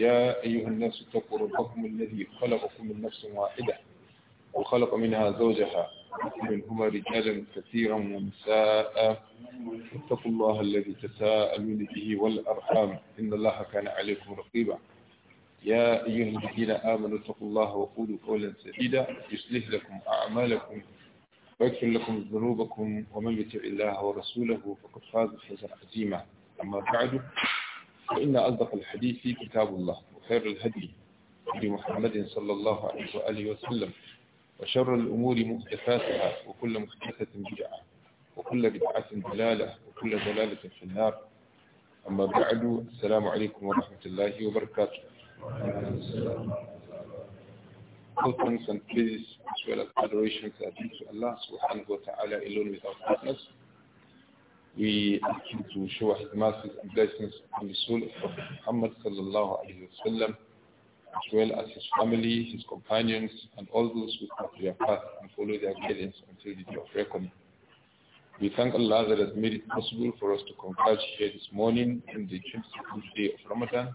يا أيها الناس اتقوا ربكم الذي خلقكم من نفس واحدة وخلق منها زوجها منهما رجالا كثيرا ونساء اتقوا الله الذي تساءلون به والأرحام إن الله كان عليكم رقيبا يا أيها الذين آمنوا اتقوا الله وقولوا قولا سديدا يصلح لكم أعمالكم ويغفر لكم ذنوبكم ومن يطع الله ورسوله فقد فاز فوزا عظيما أما بعد فإن أصدق الحديث كتاب الله وخير الهدي هدي محمد صلى الله عليه وآله وسلم وشر الأمور مختفاتها وكل مختفة بجعة وكل بجعة دلالة وكل دلالة في النار أما بعد السلام عليكم ورحمة الله وبركاته All thanks and praise as well as adoration to Allah subhanahu wa ta'ala alone without partners. we ask him to show his and blessings on the soul of Muhammad sallallahu alayhi sallam, as well as his family, his companions, and all those who come to their path and follow their guidance until the day of reckoning. We thank Allah that has made it possible for us to converge here this morning in the 22nd day of Ramadan,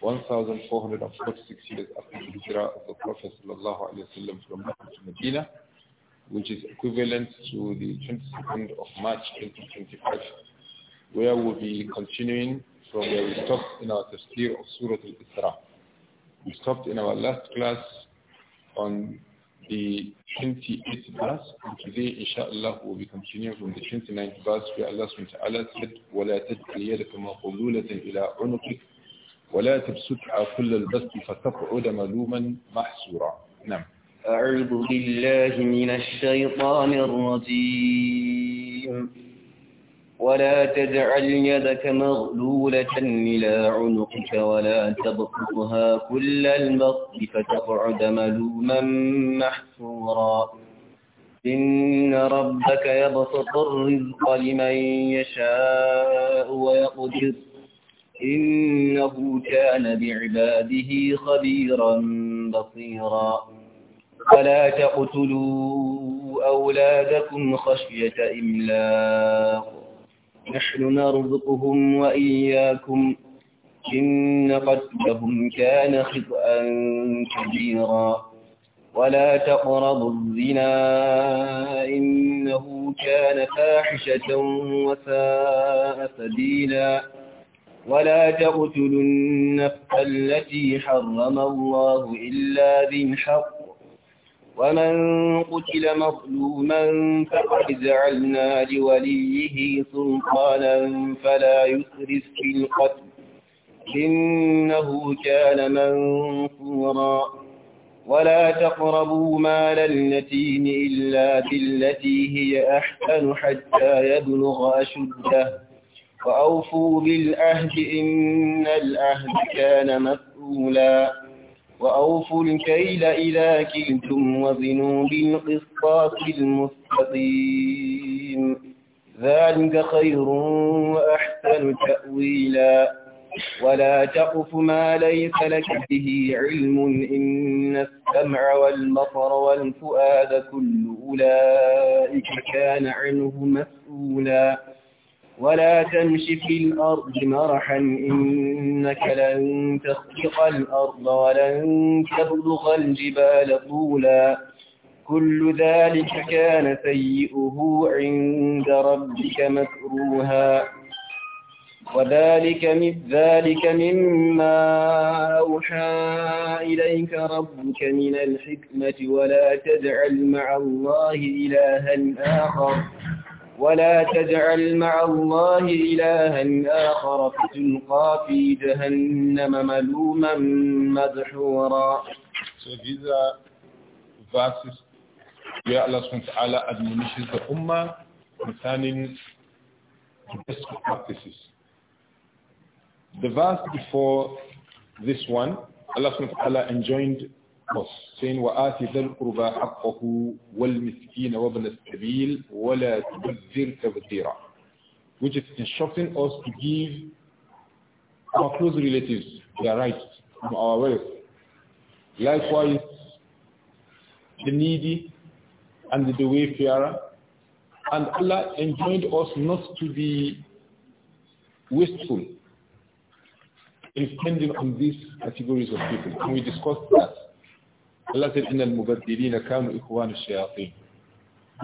1446 years after the hijrah of the Prophet sallallahu alayhi sallam from Mecca to Medina which is equivalent to the 22nd of March 2025, where we'll be continuing from where we stopped in our tafsir of Surah Al-Isra. We stopped in our last class on the 28th verse, and today, inshallah, we'll be continuing from the 29th verse, where Allah subhanahu wa ta'ala said, وَلَا تَدْعِ يَدَكَ مَقُلُولَةً إِلَىٰ عُنُقِكَ وَلَا تَبْسُطْعَ كُلَّ الْبَسْطِ فَتَقْعُدَ مَلُومًا مَحْسُورًا نعم أعوذ بالله من الشيطان الرجيم ولا تجعل يدك مغلولة إلى عنقك ولا تبقها كل البسط فتقعد ملوما محسورا إن ربك يبسط الرزق لمن يشاء ويقدر إنه كان بعباده خبيرا بصيرا ولا تقتلوا أولادكم خشية إملاق نحن نرزقهم وإياكم إن قتلهم كان خطأ كبيرا ولا تقربوا الزنا إنه كان فاحشة وساء سبيلا ولا تقتلوا النفس التي حرم الله إلا بالحق ومن قتل مظلوما فقد جعلنا لوليه سلطانا فلا يسرف في القتل إنه كان منصورا ولا تقربوا مال اليتيم إلا بالتي هي أحسن حتى يبلغ أشده وأوفوا بالعهد إن العهد كان مسؤولا وأوفوا الكيل إذا كلتم وزنوا بالقسطاس المستقيم ذلك خير وأحسن تأويلا ولا تقف ما ليس لك به علم إن السمع والبصر والفؤاد كل أولئك كان عنه مسؤولا ولا تمش في الأرض مرحا إنك لن تخلق الأرض ولن تبلغ الجبال طولا كل ذلك كان سيئه عند ربك مكروها وذلك من ذلك مما أوحى إليك ربك من الحكمة ولا تجعل مع الله إلها آخر ولا تجعل مع الله إلها آخر فتلقى في جهنم ملوما مدحورا So these are verses where Allah SWT admonishes the Ummah concerning the best practices. The verse before this one, Allah SWT enjoined والصين وآت ذا القربى حقه والمسكين وابن السبيل ولا تبذر تبذيرا which is instructing us to give our close relatives their rights from our wealth. Likewise, the needy and the wayfarer. And Allah enjoined us not to be wasteful in spending on these categories of people. And we discussed that. Allah إِنَّ الْمُبَدِّلِينَ كَانُوا إِخْوَانُ الشَّيَاطِينَ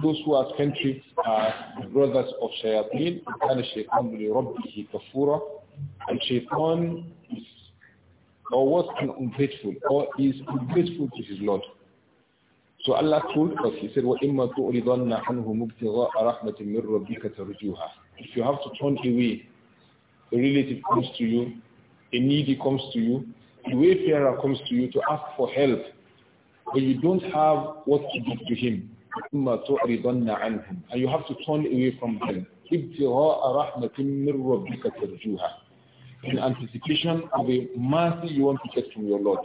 Those who are country are brothers of shayateen. كَانَ الشَّيْطَانُ لِرَبِّهِ كَفُورًا And is, or was ungrateful, or is ungrateful to his Lord. So Allah told us, He said, وَإِمَّا تُؤْرِضَنَّ عَنْهُ مُبْتِغَاءَ رَحْمَةٍ مِّن رَبِّكَ تَرْجُوهَا If you have to turn away, a relative comes to you, a needy comes to you, a wayfarer comes to you to ask for help, But you don't have what to give to him. And you have to turn away from them. In anticipation of a mercy you want to get from your Lord.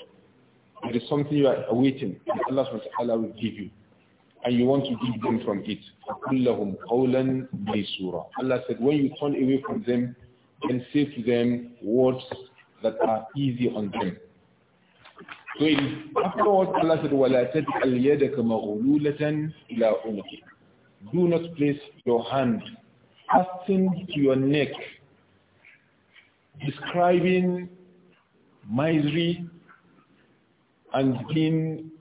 it is something you are awaiting. Allah SWT will give you. And you want to give them from it. Allah said, when you turn away from them, then say to them words that are easy on them. إِلَىٰ Do not place your hand passing to your neck, describing misery and being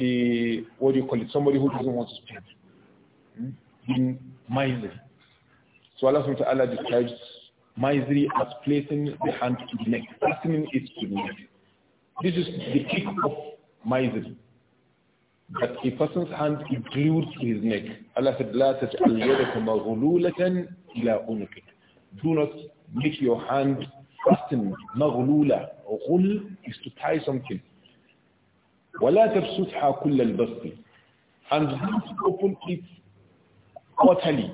a, what do you call it, somebody who doesn't want to spend. Hmm? Being miserly. So Allah subhanahu wa ta'ala describes misery as placing the hand to the neck, passing it to the neck. This is the kick of misery. That a person's hand is glued to his neck. Allah said, لَا تَجْعَلْ يَدَكُمَ غُلُولَةً إِلَىٰ أُنُكِكَ Do not make your hand fastened, مَغْلُولَة غُل is to tie something. وَلَا تَبْسُطْحَا كُلَّ الْبَسْطِ And don't open it utterly,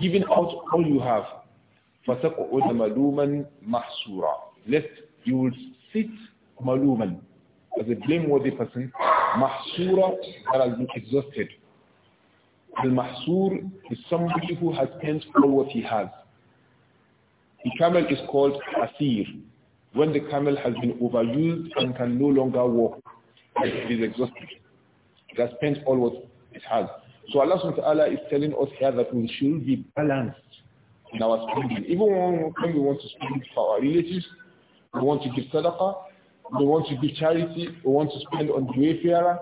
giving out all you have. فَتَقْعُدَ مَلُومًا مَحْسُورًا Lest you will sit maluman, as a blameworthy person, mahsura, that has been exhausted. Al-mahsur is somebody who has spent all what he has. The camel is called asir, when the camel has been overused and can no longer walk, it is exhausted. It has spent all what it has. So Allah subhanahu wa ta'ala is telling us here that we should be balanced in our spending. Even when we want to spend for our relatives, we want to give sadaqah, you want to do charity or want to spend on the wayfarer,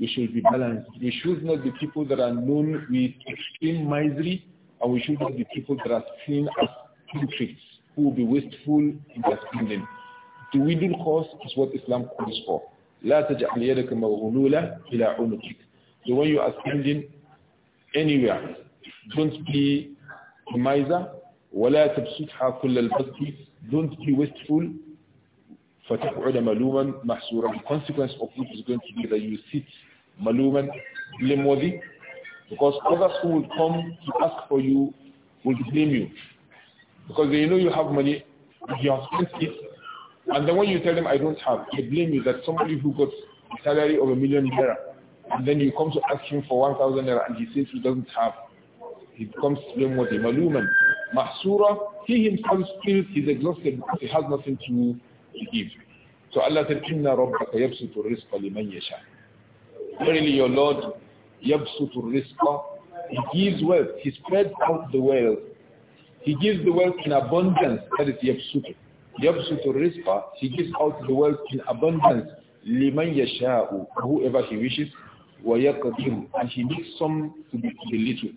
we should be balanced. We should not be people that are known with extreme misery, and we should not be people that are seen as hypocrites who will be wasteful in their spending. The winning cause is what Islam calls for. لا تجعل So when you are spending anywhere, don't be a miser. ولا كل Don't be wasteful فَتَقْعُدَ مَلُومًا مَحْسُورًا The consequence of it is going to be that you sit maluman, blameworthy, because others who will come to ask for you will blame you. Because they know you have money, you have spent it, and then when you tell them, I don't have, they blame you that somebody who got a salary of a million naira, and then you come to ask him for 1,000 naira and he says he doesn't have. He becomes blameworthy. Maluman. Mahsura, he himself feels he's exhausted because he has nothing to do. He gives. So Allah said, Inna rabbaka yabsutu rizqa liman yasha. Verily your Lord yabsutu rizqa. He gives wealth. He spreads out the wealth. He gives the wealth in abundance. That is yabsutu. Yabsutu rizqa. He gives out the wealth in abundance. Liman yasha'u. Whoever he wishes. وَيَقْدِرُ And he makes some to be the little.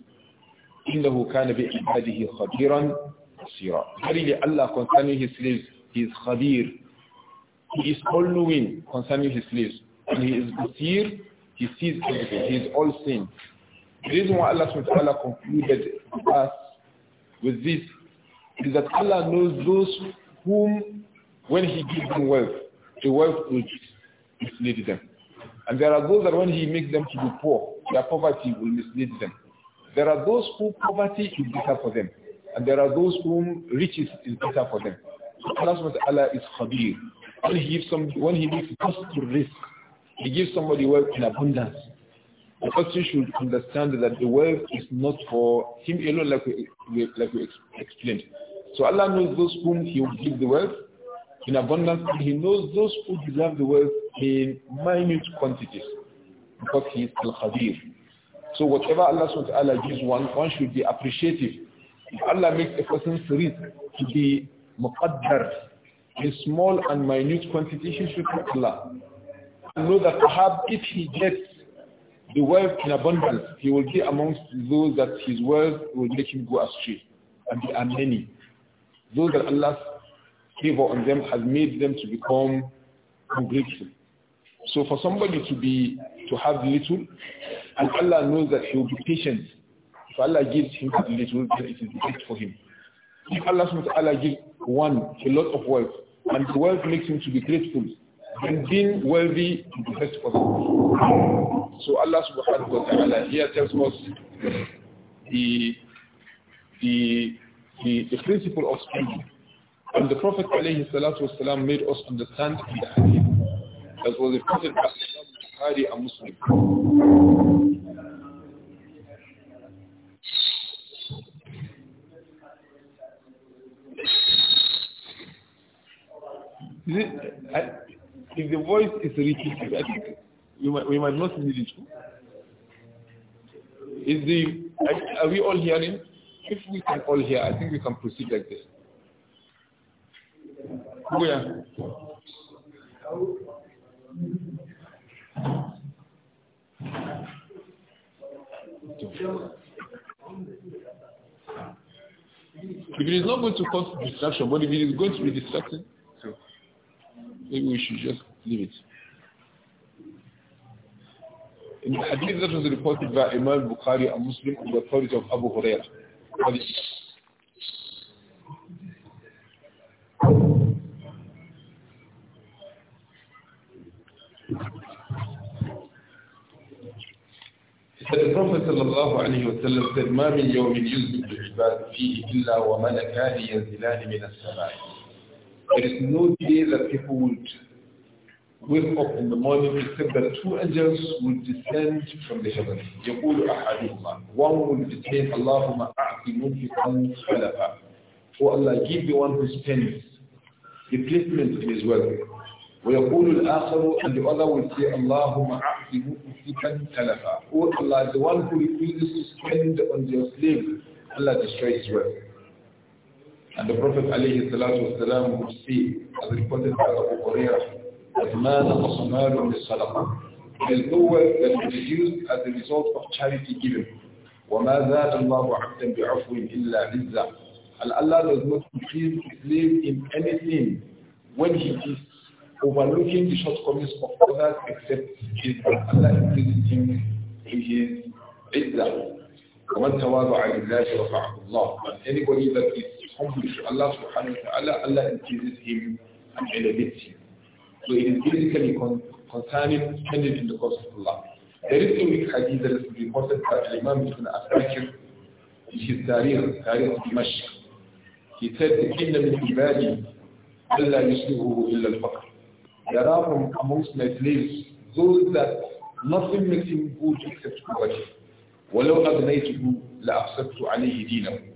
إِنَّهُ كَانَ بِعِبَادِهِ خَبِيرًا بَصِيرًا Verily Allah concerning his slaves, he is khabir, he is all-knowing concerning his slaves. And he is Basir, he sees everything, he is all-seeing. The reason why Allah subhanahu wa ta'ala concluded us with this is that Allah knows those whom, when he gives them wealth, the wealth will mislead them. And there are those that when he makes them to be poor, their poverty will mislead them. There are those who poverty is better for them. And there are those whom riches is better for them. So Allah subhanahu wa ta'ala is Khabir. When he gives some, when he gives just to risk, he gives somebody wealth in abundance. The person should understand that the wealth is not for him alone, like we, like we explained. So Allah knows those whom He will give the wealth in abundance, and He knows those who deserve the wealth in minute quantities, because He is al khadir So whatever Allah subhanahu gives one, one should be appreciative. If Allah makes a person's risk to be muqaddar, in small and minute quantity, he should thank Allah. And know that perhaps if he gets the wealth in abundance, he will be amongst those that his wealth will make him go astray. And there are many. Those that Allah's favor on them has made them to become ungrateful. So for somebody to be to have little, and Allah knows that he will be patient. If Allah gives him that little, then it is great for him. If Allah subhanahu gives one a lot of wealth, and the wealth makes him to be grateful and being wealthy is the best possible. So Allah subhanahu wa ta'ala here tells us the, the, the, the principle of spending. And the Prophet alayhi salatu wasalam made us understand in the hadith. That was the Prophet Bukhari Muslim. It, I, if the voice is repeated, I think we might, we might not need it. Is the are we all hearing? If we can all hear, I think we can proceed like this. Where? If it is not going to cause distraction, but if it is going to be distracting, Maybe we should just leave it. In the hadith that was reported by Imam Bukhari, a Muslim, on the authority of Abu Hurairah, The Prophet sallallahu alayhi wa sallam said, مَا مِنْ يَوْمٍ يُزْدُ الْعِبَادِ فِيهِ إِلَّا وَمَلَكَانِ يَنْزِلَانِ مِنَ السَّمَاءِ there is no day that people would wake up in the morning except that two angels would descend from the heaven. يقول أحدهما One would be saying, اللهم أعطي منفقا خلفا Oh Allah, give the one who spends replacement in his wealth. ويقول الآخر and the other will say اللهم أعطي منفقا تلفا Oh Allah, the one who refuses to spend on their slave, Allah destroys his wealth. And the Prophet alayhi salatu wasalam would say, as reported by Abu Hurairah, مَا نَقَصُ مَالٌ لِلصَّدَقَةِ There's no wealth that will used as a result of charity given. وَمَا ذَاتَ اللَّهُ عَبْدًا بِعَفْوٍ إِلَّا عِزَّةً And Allah does not increase his slave in anything when he is overlooking the shortcomings of others except his Allah increases him in his izzah. وَمَنْ تَوَاضَعَ لِلَّهِ رَفَعَهُ اللَّهُ And anybody that is humble to Allah subhanahu wa ta'ala, Allah increases him and elevates him. So it is basically con concerning spending in the cause of Allah. There is a weak hadith that is reported by Imam Ibn Asakir in his Tarikh, Tarikh Dimashq. He said, إِنَّ مِنْ عِبَادِي أَلَّا يُسْلِهُهُ إِلَّا الْفَقْرِ There are from amongst my slaves those that nothing makes him good except poverty. وَلَوْ أَغْنَيْتُهُ لَأَفْسَدْتُ عَلَيْهِ دِينَهُ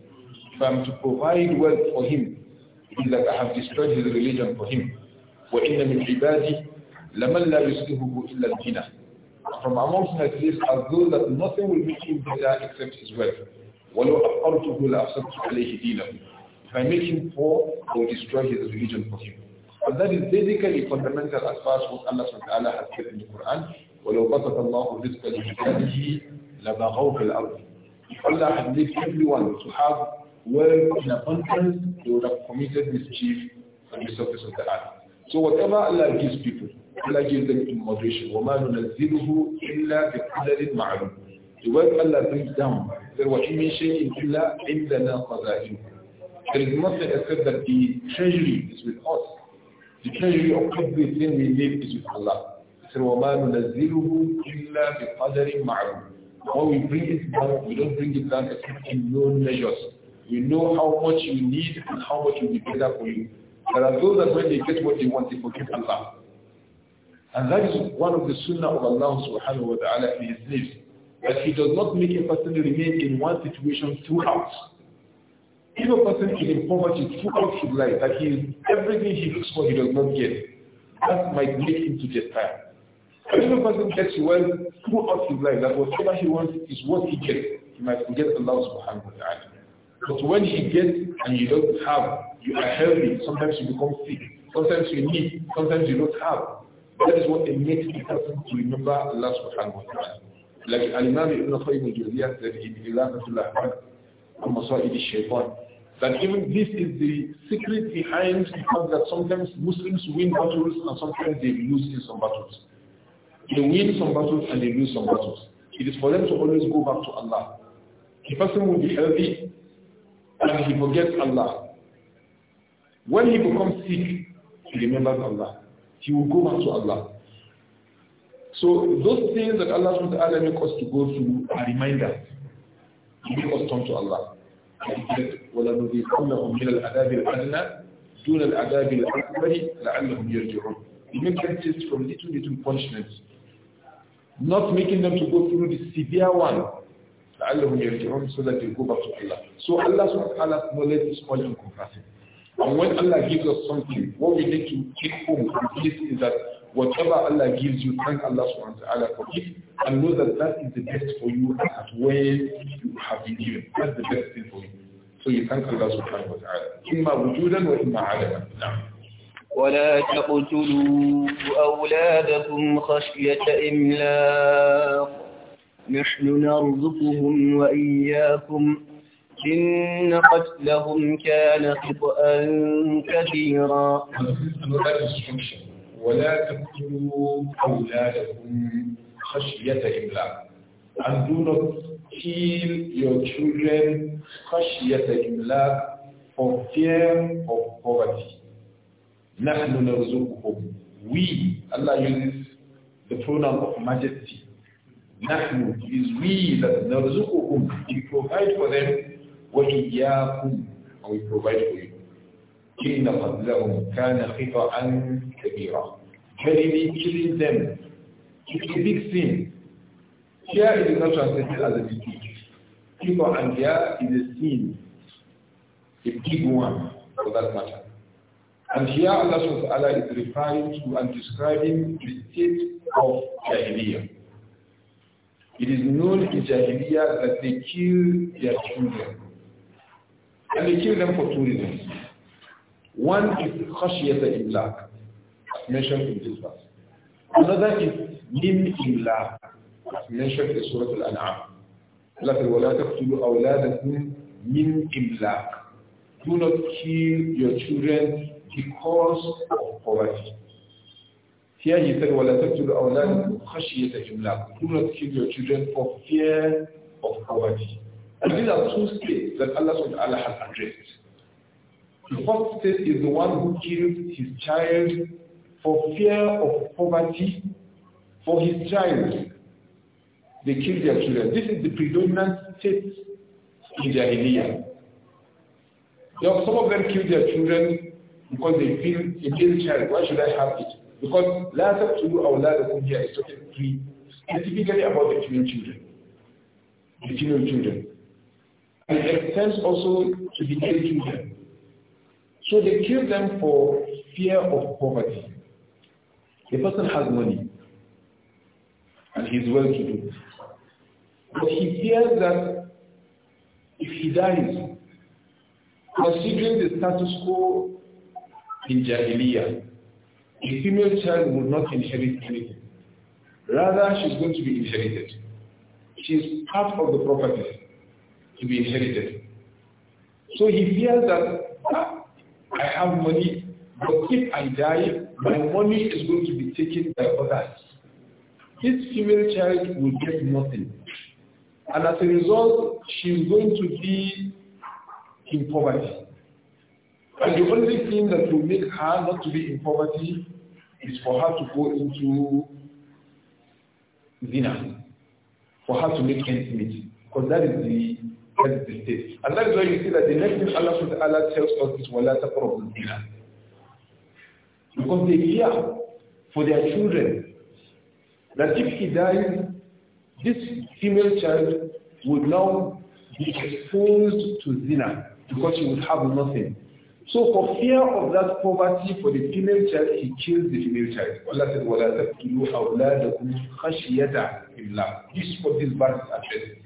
if I'm to provide wealth for him, it is that I have destroyed his religion for him. وَإِنَّ مِنْ عِبَادِي لَمَنْ لَا يُسْلِهُهُ إِلَّا الْغِنَى From amongst my slaves are those that nothing will make him better except his wealth. وَلَوْ أَقَرْتُهُ لَأَفْسَدْتُ عَلَيْهِ دِينَهُ If I make him poor, I will destroy his religion for him. But that is basically fundamental as far as what Allah subhanahu wa has said in the Quran. وَلَوْ بَسَطَ اللَّهُ رِزْقَ لِعِبَادِهِ لَبَغَوْا فِي الْأَرْضِ If Allah had made everyone to have where in abundance, they would have committed mischief on the surface of the earth. So whatever Allah gives people, Allah gives them in moderation. وَمَا نُنَزِّلُهُ إِلَّا بِقَدَرٍ مَعْلُومٍ The word Allah brings down, there was in شَيْءٍ إِلَّا عِنْدَنَا قَذَائِمُ There is nothing except that the treasury is with us. The treasury of everything we live is with Allah. He said, وَمَا نُنَزِّلُهُ إِلَّا بِقَدَرٍ مَعْلُومٍ we bring it down, we don't bring it down except in known measures. You know how much you need and how much will be better for you. There are those that when they get what they want, they forget Allah. And that is one of the sunnah of Allah subhanahu wa ta'ala in his lives. That he does not make a person remain in one situation throughout. If a person is in poverty throughout his life, that he is everything he looks for he does not get, that might make him to despair. If a person gets wealth throughout his life, that whatever he wants is what he gets, he might forget Allah subhanahu wa ta'ala. But when you get and you don't have, you are healthy, sometimes you become sick, sometimes you need, sometimes you don't have. That is what it makes a person to remember Allah subhanahu wa ta'ala. Like Al-Imam Ibn Qayyim al-Jawziyah said in Ilaqatullah on Masa'id al-Shaytan, that even this is the secret behind the fact that sometimes Muslims win battles and sometimes they lose in some battles. They win some battles and they lose some battles. It is for them to always go back to Allah. The person will be healthy, and he forgets Allah. When he becomes sick, he remembers Allah. He will go back to Allah. So those things that Allah wants to make us to go through are reminders. He make us turn to Allah. وَلَنُذِيقَنَّهُمْ مِنَ الْعَذَابِ الْأَدْنَى دُونَ them taste from little little punishments, not making them to go through the severe one لعلهم يرجعون so that they go back to Allah. So Allah subhanahu wa ta'ala knowledge is all encompassing. And when Allah gives us something, what we need to take home from this is that whatever Allah gives you, thank Allah subhanahu wa ta'ala for it and know that that is the best for you at when you have been given. That's the best thing for you. So you thank Allah subhanahu wa ta'ala. إِمَّا وُجُودًا وَإِمَّا عَلَمًا نعم. ولا تقتلوا أولادكم خشية إملاق نحن نرزقهم وإياكم إن قتلهم كان خطأ كثيرا ولا تقتلوا أولادكم خشية إملاق and do not kill your children خشية إملاق for fear of poverty نحن نرزقهم we Allah uses the pronoun of majesty Nahnu, it is we that narzuquhum. We provide for them wa iyyakum. And we provide for you. إِنَّ قَبْلَهُمْ كَانَ خِطَعًا كَبِيرًا Verily, killing them is a big sin. Here it is not translated as a big sin. And here is a sin, a big one for that matter. And here Allah subhanahu wa ta'ala is referring to and describing the state of Jahiliyyah. It is known in Jahiliyyah that they kill their children. And they kill them for two reasons. One is khashiyata imlaq, as mentioned in this verse. Another is lim imlaq, as mentioned in Surah Al-An'am. Allah said, وَلَا تَقْتُلُوا أَوْلَادَكُمْ مِنْ إِمْلَاقٍ Do not kill your children because of poverty. Here he said, وَلَتَكْتُلُ أَوْلَادِكُمْ خَشْيَةَ إِمْلَاقٍ Do not kill your children for fear of poverty. And these are two states that Allah subhanahu wa ta'ala has addressed. The first state is the one who kills his child for fear of poverty for his child. They kill their children. This is the predominant state in Jahiliyyah. Now, some of them kill their children because they feel a male child, why should I have it? Because last taqtulu awladakum here is talking three, specifically about the children. The children. And it extends also to the dead children. So they kill them for fear of poverty. The person has money and he's well-to-do. But he fears that if he dies, considering the status quo in Jahiliyyah, a female child would not inherit anything. Rather, she's going to be inherited. She is part of the property to be inherited. So he fears that ah, I have money, but if I die, my money is going to be taken by others. His female child will get nothing. And as a result, she is going to be in poverty. And the only thing that will make her not to be in poverty is for her to go into zina, for her to make ends meet, because that is the that is the state. And that is why you see that the next thing Allah Subhanahu tells us is walata problem zina, because they fear for their children that if he dies, this female child would now be exposed to zina because she would have nothing. So for fear of that poverty for the female child, he kills the female child. Allah said, وَلَا تَقْتُلُوا أَوْلَادَكُمْ خَشْيَةَ إِمْلَاقٍ This is what this verse is addressing.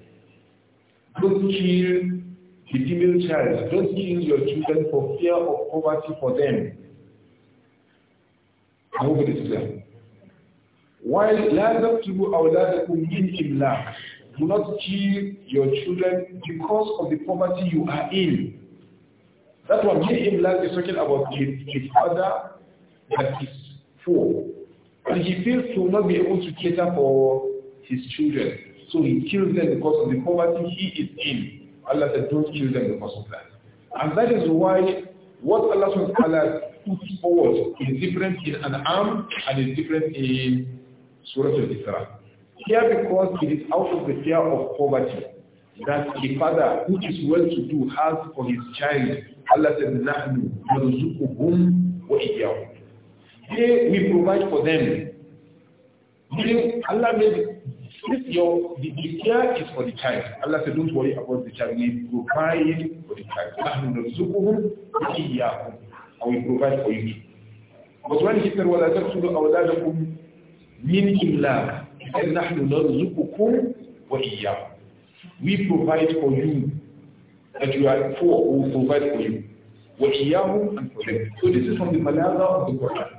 Don't kill the female child. Don't kill your children for fear of poverty for them. I hope it is clear. While لَا تَقْتُلُوا أَوْلَادَكُمْ مِنْ إِمْلَاقٍ Do not kill your children because of the poverty you are in. That one, he is talking about his, his father that is poor. And he feels he will not be able to cater for his children. So he kills them because of the poverty he is in. Allah said, don't kill them because of that. And that is why what Allah subhanahu puts forward is different in an arm and is different in Surah Al-Isra. Here because it is out of the fear of poverty that a father who is well-to-do has for his child Allah said, nahnu narzuquhum wa iyyahum here we provide for them meaning allah made this your the, the care is for the child allah said don't worry about the child we provide for the child nahnu narzuquhum wa iyyahum and we provide for you but when he said wala taqtulu awladakum min imlaq said nahnu narzuqukum wa iyyahum we provide for you that you are for we will provide for you. وَإِيَّاهُمْ and for them. So this is from the Malaga of the Quran.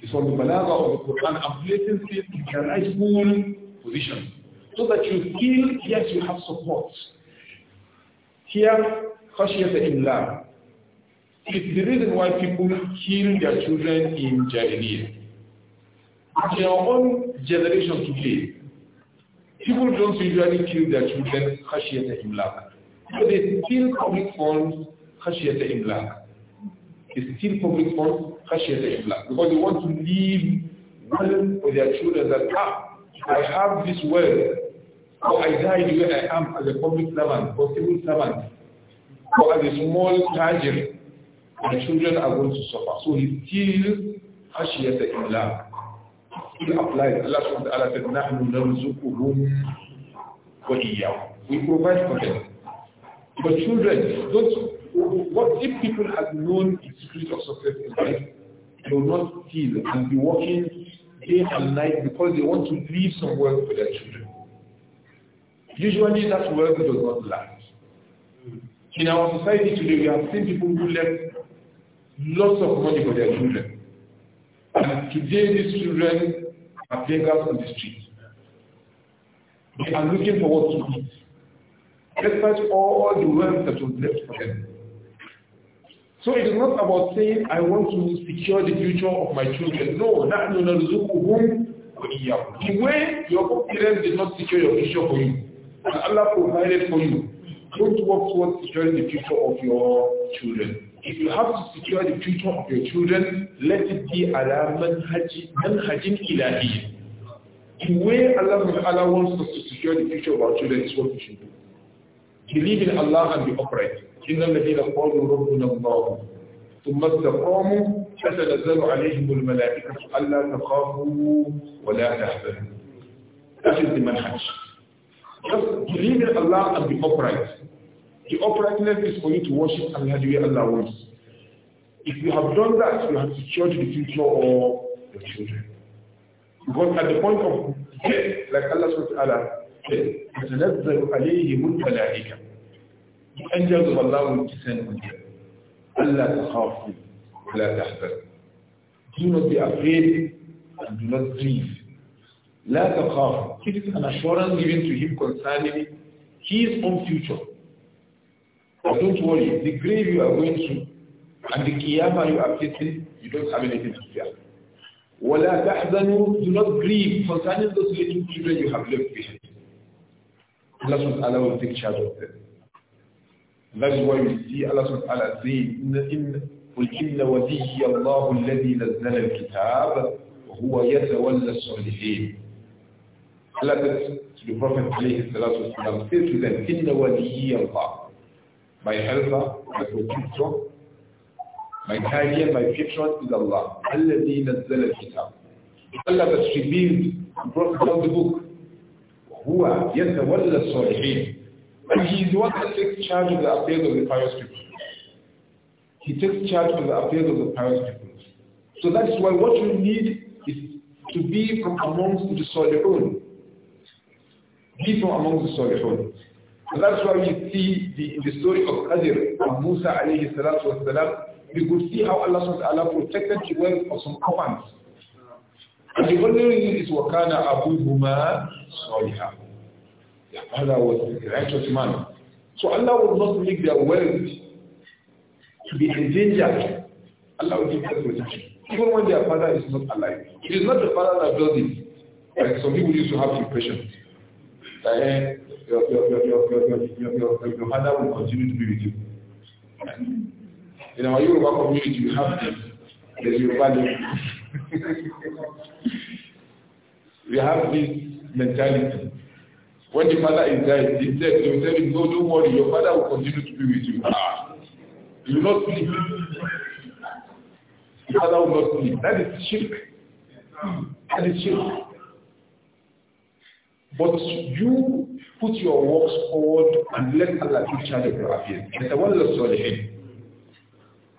It's from the Malaga of the Quran. I'm placing in their rightful position. So that you feel, yes, you have support. Here, khashiyat imla. It's the reason why people kill their children in Jahiliyyah. In our own generation today, people don't usually kill their children khashiyat imla. So they still public funds khashiyata in black. They still public funds khashiyata in black because they want to leave well for their children that ah, I have this wealth, or I died where I am as a public servant or civil servant, or as a small tajir, my children are going to suffer. So he still khashiyata in black. Still applies. Allah subhanahu wa ta'ala said, نَحْنُ نَرْزُقُهُمْ وَإِيَّهُمْ We provide for them. But children, don't, what if people had known the secret of success in life, they will not steal and be working day and night because they want to leave some wealth for their children. Usually that wealth does not last. In our society today, we have seen people who left lots of money for their children. And today these children are beggars on the street. They are looking for what to eat despite all the wealth that was left for them. So it is not about saying, I want to secure the future of my children. No, نَحْنُ نَرْزُقُهُمْ وَإِيَّهُمْ The way your parents did not secure your future for you, and Allah provided for you, don't work towards securing the future of your children. If you have to secure the future of your children, let it be ala manhajin ilahi. The way Allah, Allah wants us to secure the future of our children is what we should do. Believe الله Allah and upright. إن الذين قالوا ربنا الله ثم استقاموا فتنزل عليهم الملائكة ألا تخافوا ولا تحزنوا. That is the manhaj. الله believe in upright. The uprightness is for you to worship and the way Allah wants. If you have done that, you have secured the future of your children. Because at the point of death, like Allah says, Allah, يتنزل عليه الملائكة أن يغضب الله الإنسان والجنة ألا تخافوا ولا تحزنوا دون not be afraid and do لا تخافوا. It is an assurance given to him concerning his own future. But don't worry, the grave you are going to and the kiyama you are facing, you don't have anything to fear. وَلَا تَحْزَنُوا Do not grieve concerning those little children you have left behind. Allah subhanahu wa ta'ala will take charge of them. And why we see Allah subhanahu wa ta'ala saying, قل إن ولي الله الذي نزل الكتاب وهو يتولى الصالحين. Allah said to the Prophet عليه الصلاة والسلام, say to them, إن ولي الله, my helper, my protector, my guardian, my patron is Allah. الذي نزل الكتاب. Allah that revealed and brought down the book. Huwa yatawalla salihin. And he is the one that takes charge of the affairs of the pious people. He takes charge of the affairs of the pious people. So that is why what you need is to be from amongst the Salihun. Be from amongst the Salihun. So that's why we see the, the story of Qadir and Musa alayhi salatu wasalam. We could see how Allah subhanahu wa ta'ala protected the wealth of some orphans and the only reason is Wakana Abuhuma Soliha. Their father was a righteous man. So Allah will not make their wealth to be endangered. Allah will give them protection. Even when their father is not alive. It is not the father that does it. Like some people used to have impressions. That eh, your, your, your, your, your, your, your, your, your father will continue to be with you. In our Yoruba community, we have this. There's father we have this mentality. When the father is dead, he said, they will tell him, no, don't worry, your father will continue to be with you. Ah. you will not sleep. Your father will not sleep. That is shirk. That is shirk. But you put your works forward and let Allah take charge of your affairs. That's the one that's head.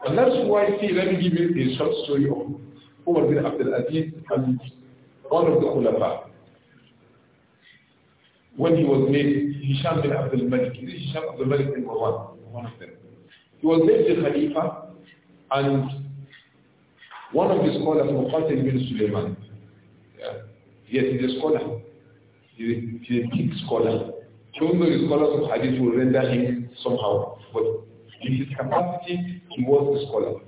And that's why, see, let me give you a short story of Umar bin Abdul Aziz and one of the Khulafa. When he was made Hisham bin Abdul Malik, This is it Hisham Abdul Malik bin one, One of them. He was made the Khalifa and one of his scholars, Muqatil bin Sulaiman. Yeah. Yes, he's a scholar. He's a, a big scholar. Even though the scholars of Hadith will render him somehow, but in his capacity, he was a scholar.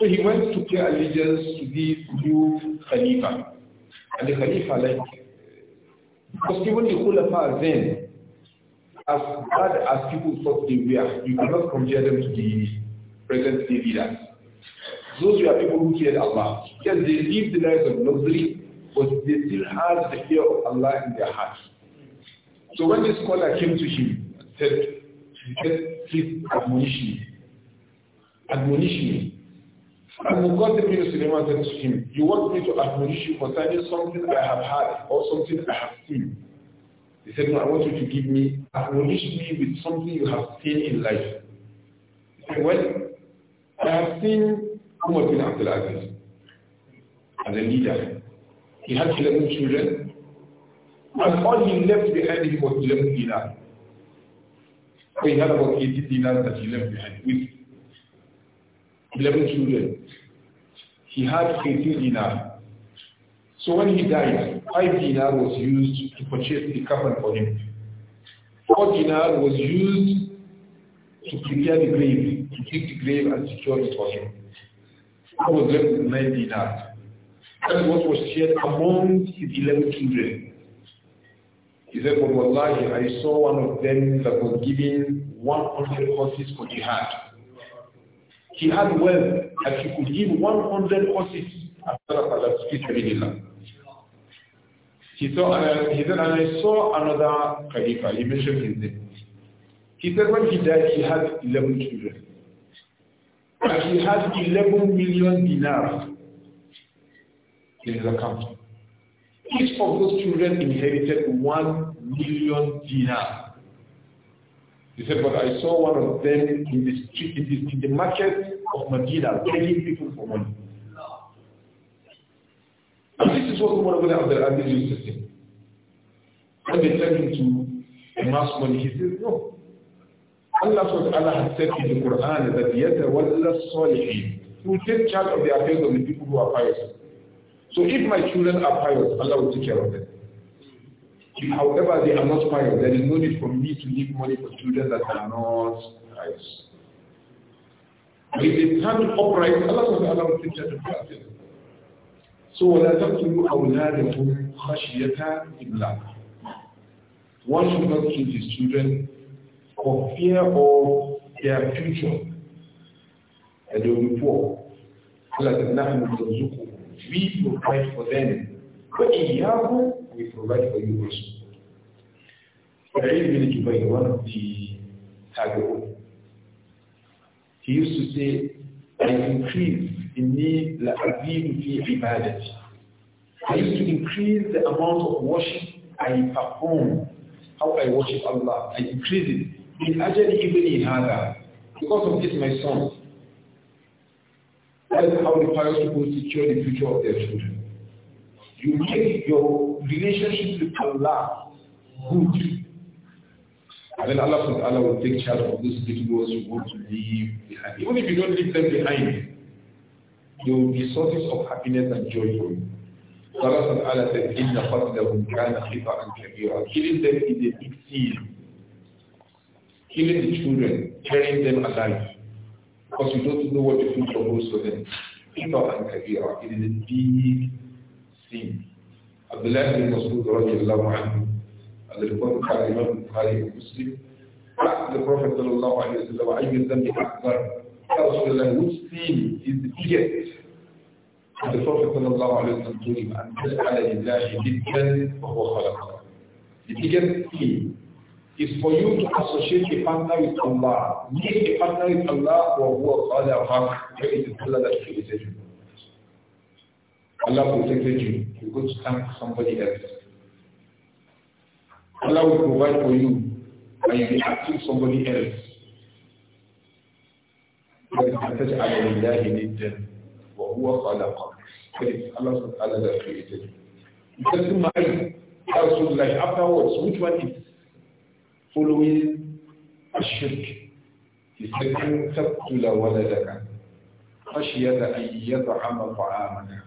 So he went to pay allegiance to the new Khalifa. And the Khalifa like, Because even the Khulafa then, as bad as people thought they were, you cannot compare them to the present day leaders. Those were people who feared Allah. Yes, they lived the lives of luxury, but they still had the fear of Allah in their hearts. So when this scholar came to him and said, please admonish me, admonish me, and then God Ibn Sulaiman said to him, you want me to admonish you concerning something I have heard or something I have seen. He said, no, I want you to give me, admonish me with something you have seen in life. He said, well, I have seen Umar bin Abdul Aziz as a leader. He had 11 children, and all he left behind him was 11 dinars. So he had about 80 dinars that he left behind with 11 children. He had 18 dinar. So when he died, 5 dinar was used to purchase the coffin for him. 4 dinar was used to prepare the grave, to dig the grave and secure it for him. I was left with 9 dinar. That's what was shared among his 11 children. He said, but Wallahi, I saw one of them that was giving 100 horses for jihad. He had wealth that he could give 100 horses as well He saw, he said, and I saw another Khalifa. He mentioned his name. He said when he died, he had 11 children. And he had 11 million dinars in his account. Each of those children inherited 1 million dinars. He said, but I saw one of them in the street, in the, market of Medina, begging people for money. And this is what Umar ibn Abdul Aziz used the say. When they tell him to amass money, he says, no. Allah SWT has said in the Quran that يَتَوَلَّ الصَّالِحِينَ He will take charge of the affairs of the people who are pious. So if my children are pious, Allah will take care of them however, they are not paid. there is no need for me to leave money for children that are not pious. But if they stand upright, Allah will allow them to pass it. So, وَلَا تَقْتُلُوا أَوْلَادَكُمْ خَشْيَةَ إِمْلَاقٍ One should not kill his children for fear of their future. And they will be poor. Allah said, نَحْنُ نَرْزُقُهُمْ We provide for them we provide for you also. Sa'id bin Jubayr, one of the Tabi'un, he used to say, I increase in me la'azim fi ibadati. I used to increase the amount of worship I perform, how I worship Allah. I increase it. In ajali ibni hada, because of this my son. That is how the pious people secure the future of their children you make your relationship with Allah good. And then Allah subhanahu will take charge of those little ones you want to leave behind. Even if you don't leave them behind, they will be sources of happiness and joy for you. Allah subhanahu said, إِنَّ قَتْلَهُمْ كَانَ and كَبِيرًا Killing them is a big sin. Killing the children, tearing them alive. Because you don't know what the future holds for them. and كَبِيرًا It is a big سليم عبد الله بن مسعود رضي الله عنه هذا الكون قال الامام البخاري ومسلم بعد الرسول صلى الله عليه وسلم اي الذنب اكبر قال رسول الله مسلم اذ بيت عبد الرسول صلى الله عليه وسلم تريد ان تسال لله جدا وهو خلقك بيت سليم is for you to associate your partner with Allah. Meet your partner with Allah or who are other half. Maybe it's Allah that you're Allah protected you. You go to thank somebody else. Allah will provide for you and you'll be asking somebody else. وهو خلقك. Allah subhanahu created you. Just marry. That's like afterwards, which one is following a shirk? He said, أن تقتل ولدك خشية أن يطعم طعامك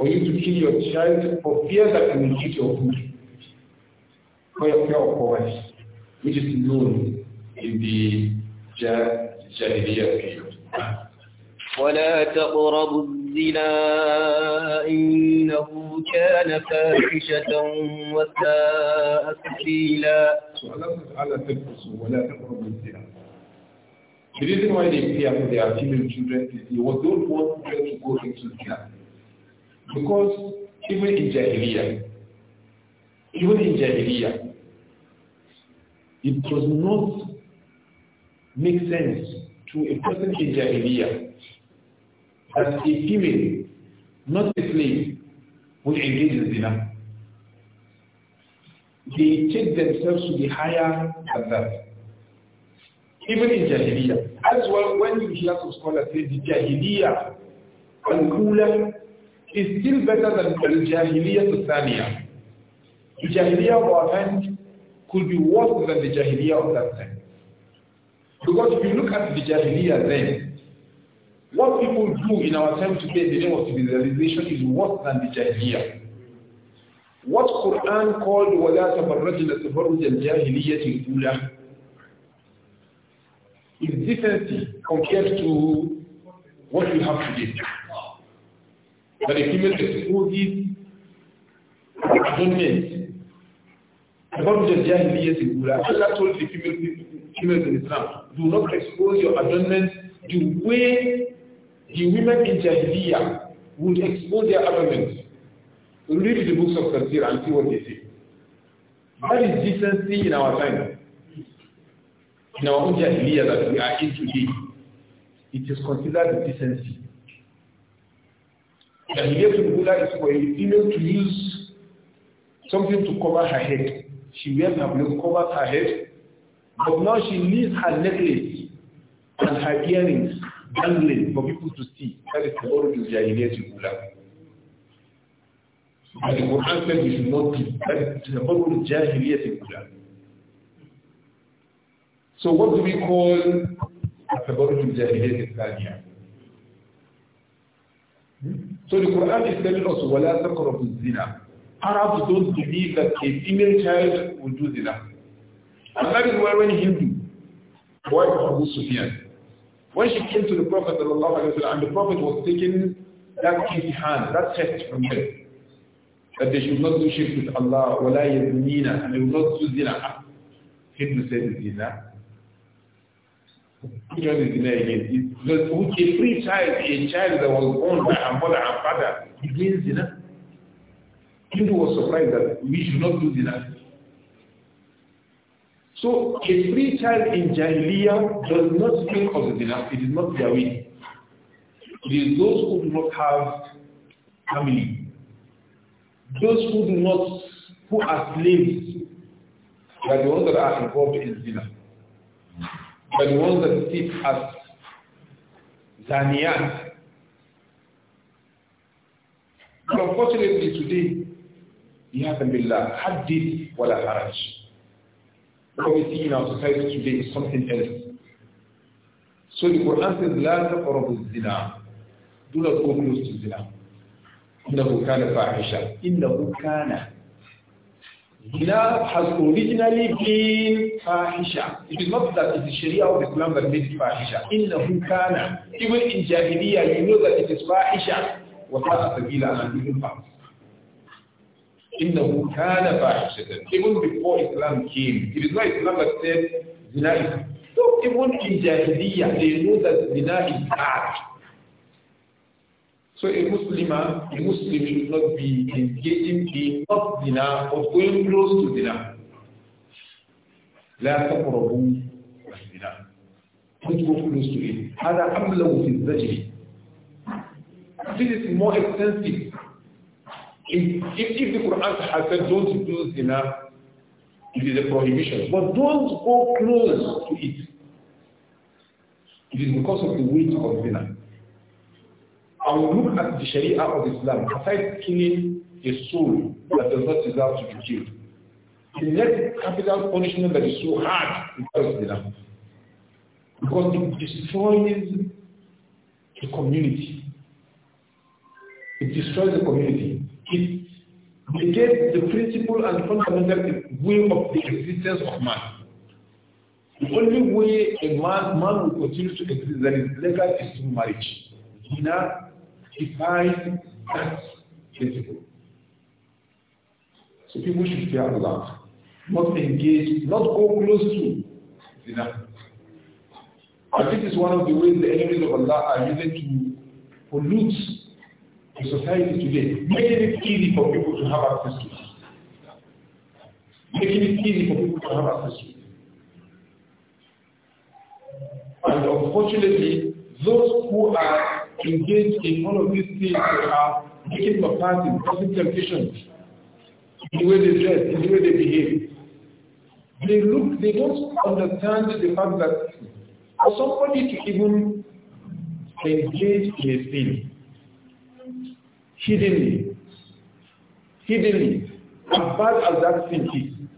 for you to kill your child for fear that you will hit your food For your fear of poverty, which is known in the Jahiliyyah period. ولا تقربوا الزنا إنه كان فاحشة وساء سبيلا. ولا تقربوا الزنا. The reason why they fear for their children is they don't want them to go into the zina. Because even in Jahiliyyah, even in Jahiliyyah, it does not make sense to a person in Jahiliyyah that a female, not a slave, would engage in zina. They take themselves to be higher than that. Even in Jahiliyyah. As well, when you hear some scholars say the Jahiliyyah, al-Kula, is still better than al-jahiliyyah thaniya. The jahiliya of our time could be worse than the jahiliya of that time. Because if you look at the jahiliya then, what people do in our time today the name of civilization is worse than the jahiliya. What Quran called وَلَا تَبَرَّجْنَ تَبَرُّجَ الْجَاهِلِيَّةِ الْأُولَى is different compared to what we have today that a female exposes adornment. About the Jahiliyyah Sikula, Allah told the female females in Islam, do not expose your adornment the way the women in Jahiliyyah would expose their adornments. Read the books of Tafsir and see what they say. That is decency in our time. In our own Jahiliyyah that we are in today, it is considered decency. Jahiliyatul Ula is for a female to use something to cover her head. She wears her blue, covers her head, but now she needs her necklace and her earrings dangling for people to see. That is the origin of Jahiliyatul Ula. and the Quran says we should not do that. Is the origin of Jahiliyatul Ula. So what do we call the origin of Jahiliyatul Ula? So the Quran is telling us, "Wala تَقْرَبُ zina. Arabs don't believe that a female child will do zina. And that is why when Hindu, wife of Abu Sufyan, when she came to the Prophet and the Prophet was taking that in hand, that test from her. that they should not do shirk with Allah, وَلَا يَذْنِينَ, and they will not do zina. Hindu said zina, which is again? a free child, a child that was born by her mother and father, begins means dinner. Hindu was surprised that we should not do dinner. So a free child in Jahiliyyah does not speak of the dinner. It is not their way. It is those who do not have family. Those who do not, who are slaves, that the ones that are involved in dinner. بل ones that sit as Zaniyat. But unfortunately today, be like, Hadith wala haraj. What we see in our society today is something else. So the Quran says, لا تقربوا الزنا. Do not go close to zina. إنه كان فاحشة. إنه كان Hilaf has originally been fahisha. It is not that it is Sharia of Islam that makes it fahisha. Inna kana. Even in Jahiliyyah, you know that it is fahisha. What the سَبِيلًا and even fast. Inna kana fahisha. Even before Islam came, it is not Islam that said zina is. So even in Jahiliyyah, they know that zina is bad. So a Muslim, ah, a Muslim should not be engaging in not dinner or going close to dinner. لا تقربوا الزنا. Don't go close to it. هذا أبلغ في الزجر. This is more extensive. If, if, the Quran has said don't do zina, it is a prohibition. But don't go close to it. It is because of the weight of zina. I will look at the Sharia of Islam, aside killing a soul that does not deserve to be killed. The next capital punishment that is so hard of Islam. Because it destroys the community. It destroys the community. It negates the principle and fundamental way of the existence of man. The only way a man, man will continue to exist that is legal is through marriage. Zina defies that principle. So people should fear Allah, not engage, not go close to zina. And this is one of the ways the enemies of Allah are using to pollute the society today, making it easy for people to have access to it. Making it easy for people to have access to it. And unfortunately, those who are Engage in all of these things that are making for in causing temptations, the way they dress, in the way they behave. They look, they don't understand the fact that for somebody to even engage in a sin, hiddenly, hiddenly, as bad as that sin is,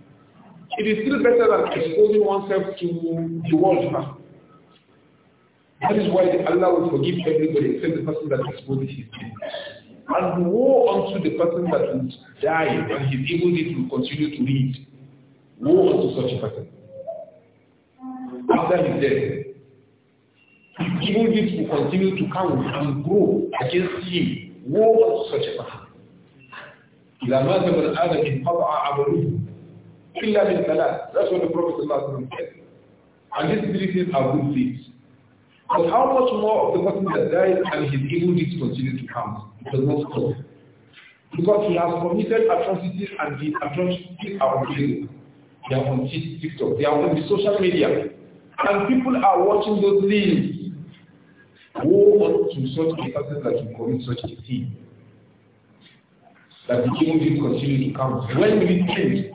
it is still better than exposing oneself to the world that is why Allah will forgive everybody except the person that has exposes his deed. And woe unto the person that would die and his evil deeds will continue to lead. Woe unto such a person. After his death, his evil deeds will continue to come and grow against him. Woe unto such a person. إذا مات من آدم انقطع عمله إلا من ثلاث. That's what the Prophet said. And these three things are good things. But how much more of the person that dies and his evil deeds continue to count? It does not stop. Because he has committed atrocities and the atrocities are on Facebook. They are on TikTok. They are on the social media. And people are watching those things. Who Woe unto such a person that will commit such a sin. That the evil deeds continue to count. When will it change?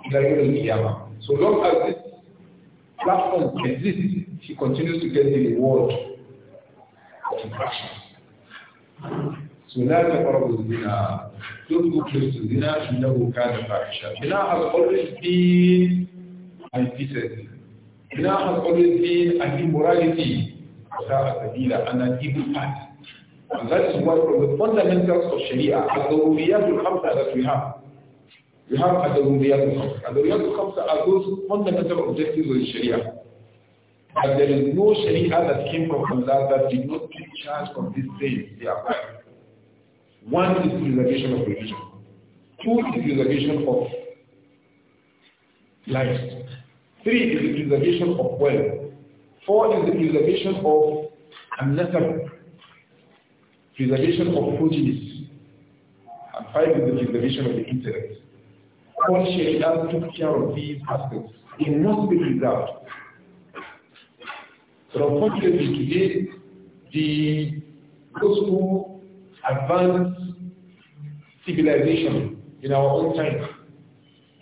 So long as this platform exists, he continues to get the reward compassion. So لا تقربوا الزنا. Don't go close to zina, إنه كان فاحشة. Zina has always been unfitted. Zina has always been an immorality, وساء سبيلا, and an evil act. And that is one of the fundamentals of Sharia, al-Dawriyat al-Khamsa that we have. We have al-Dawriyat al-Khamsa. Al-Dawriyat al-Khamsa are those fundamental objectives of Sharia. But there is no Sharia that came from Allah that did not charge of these things they are apply. One is preservation of religion. Two is preservation of life. Three is the preservation of wealth. Four is the preservation of another preservation of progenies. And five is the preservation of the intellect. All Sharia took care of these aspects. It must be preserved. But unfortunately today, the those who advance civilization in our own time,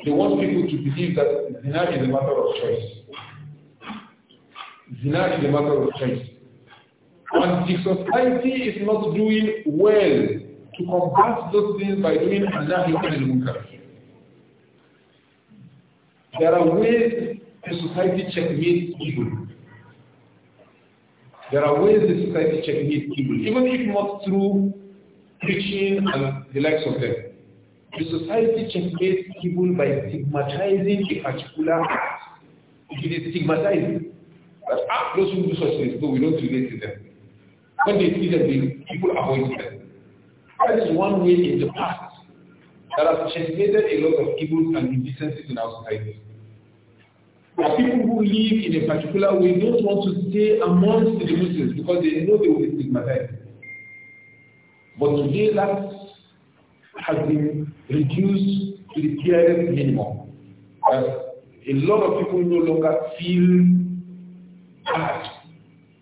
they want people to believe that zina is a matter of choice. Zina is a matter of choice. And the society is not doing well to combat those things by doing Allah al There are ways the society checkmates people. There are ways the society check people, even if not through preaching and the likes of them. The society checkmates people by stigmatizing a particular act. It is stigmatized. But ah, those who do such things, no, we don't relate to them. When they see them, people avoid them. That is one way in the past that has checkmated a lot of evil and indecencies in our society are people who live in a particular way don't want to stay amongst the Muslims because they know they will be stigmatized. But today that has been reduced to the bare minimum. As a lot of people no longer feel bad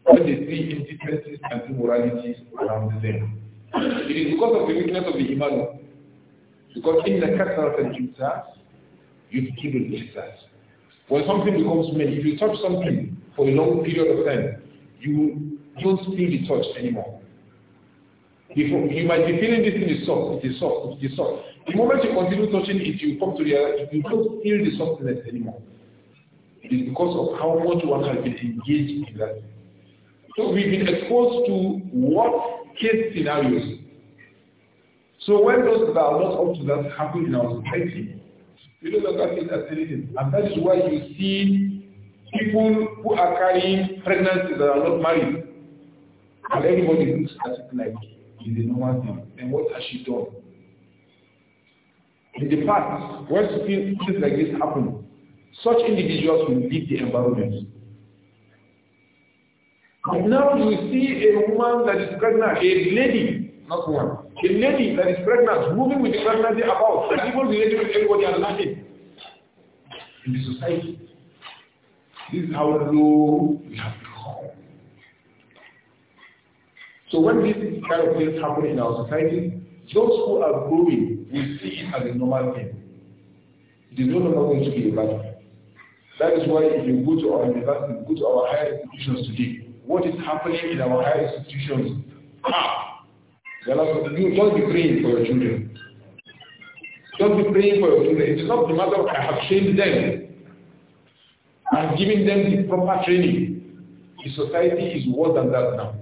when they see indifferences and immoralities around them. It is because of the weakness of the human. Because in the character of the you have the Jintas. When something becomes made, if you touch something for a long period of time, you don't feel the touch anymore. If, you might be feeling this thing is soft, it is soft, it is soft. The moment you continue touching it, you come to realize you don't feel the softness anymore. It is because of how much one has been engaged in that. So we've been exposed to what case scenarios. So when those that are not up to that happen in our society, you no it And that is why you see people who are carrying pregnancies that are not married. And everybody looks at it like it's a normal thing. And what has she done? In the past, when things like this happen, such individuals will leave the environment. But now you see a woman that is pregnant, a lady, not one, a lady that is pregnant, moving with the pregnancy about, and even related with anybody and nothing in the society. This is how low we have become. So when these kind of things happen in our society, those who are growing will see it as a normal thing. It is no longer going to be a bad That is why if you go to our university, go to our higher institutions today, what is happening in our higher institutions? Ah, you just be praying for your children. Just be praying for your children. It's not the matter of I have trained them. I'm giving them the proper training. The society is worse than that now.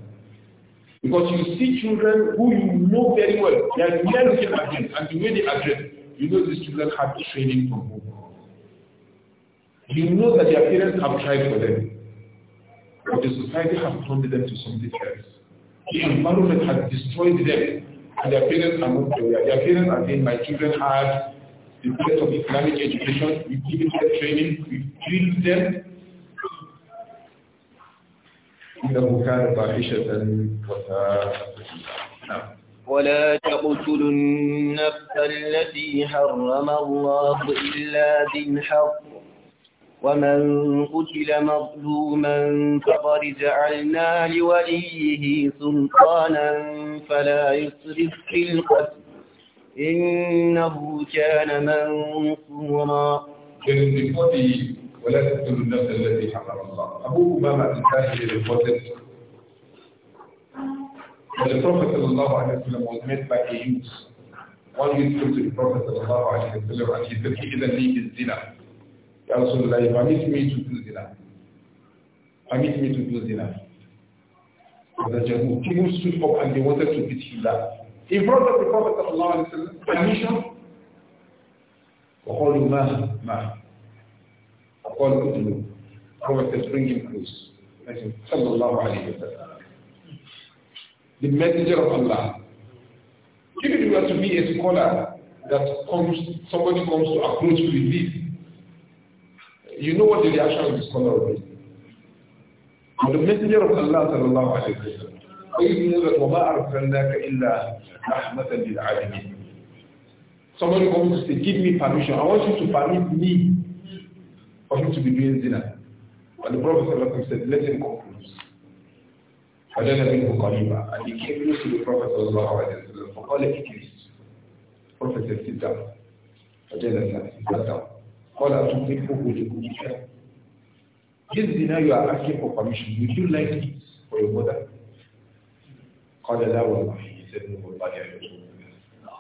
Because you see children who you know very well, they are there looking at them, and the way they address, you know these children have training from home. You know that their parents have tried for them, but the society has turned them to something else. If Malofet had destroyed them and their parents are not there. their parents are saying, my children had the best of Islamic education, we give them training, we drill them. ولا تقتلوا النفس التي حرم الله إلا بالحق ومن قتل مظلوما فقد جعلنا لوليه سلطانا فلا يسرف في القتل إنه كان منصورا من صفته ولا تقتل النفس التي حرم الله أبوه ما مع الكاهل للقتل The Prophet ﷺ was made by a youth. One youth to the Prophet وسلم and he said, he is Ya Rasulullah, permit me to do zina. Permit me to do zina. But the Jahu, people stood up and they wanted to beat him down. In front of the Prophet of Allah, permission. وقالوا ما ما وقالوا ادلوا Prophet says bring him close صلى alayhi. عليه وسلم the messenger of Allah if it were to be a scholar that comes somebody comes to approach with this you know what the reaction of the scholar will be. And the messenger of Allah sallallahu alayhi wa sallam, وَمَا أَرْسَلْنَاكَ إِلَّا رَحْمَةً لِلْعَالَمِينَ Somebody comes to say, give me permission. I want you to permit me for him to be doing zina. And the Prophet said, let him come close. And then he came close to the Prophet sallallahu alayhi wa sallam. فَقَالَ إِكْلِسِ Prophet said, sit down. And then he sat down scholars to people with the commission. This dinner you are asking for permission, would you like it for your mother? قال لا والله he said no والله I don't want this. No.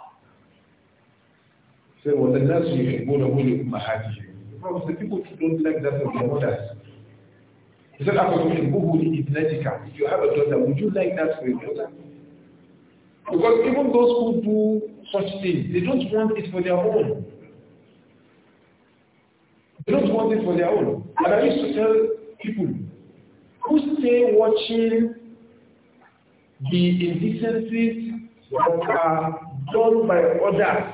He said والناس يحبونه لأمهاتهم. The problem is the people who don't like that for their mothers. He said أفضل يحبه لإبنتك. If you have a daughter, would you like that for your daughter? Because even those who do such things, they don't want it for their own. They don't want it for their own. And I used to tell people who stay watching the indecencies that are done by others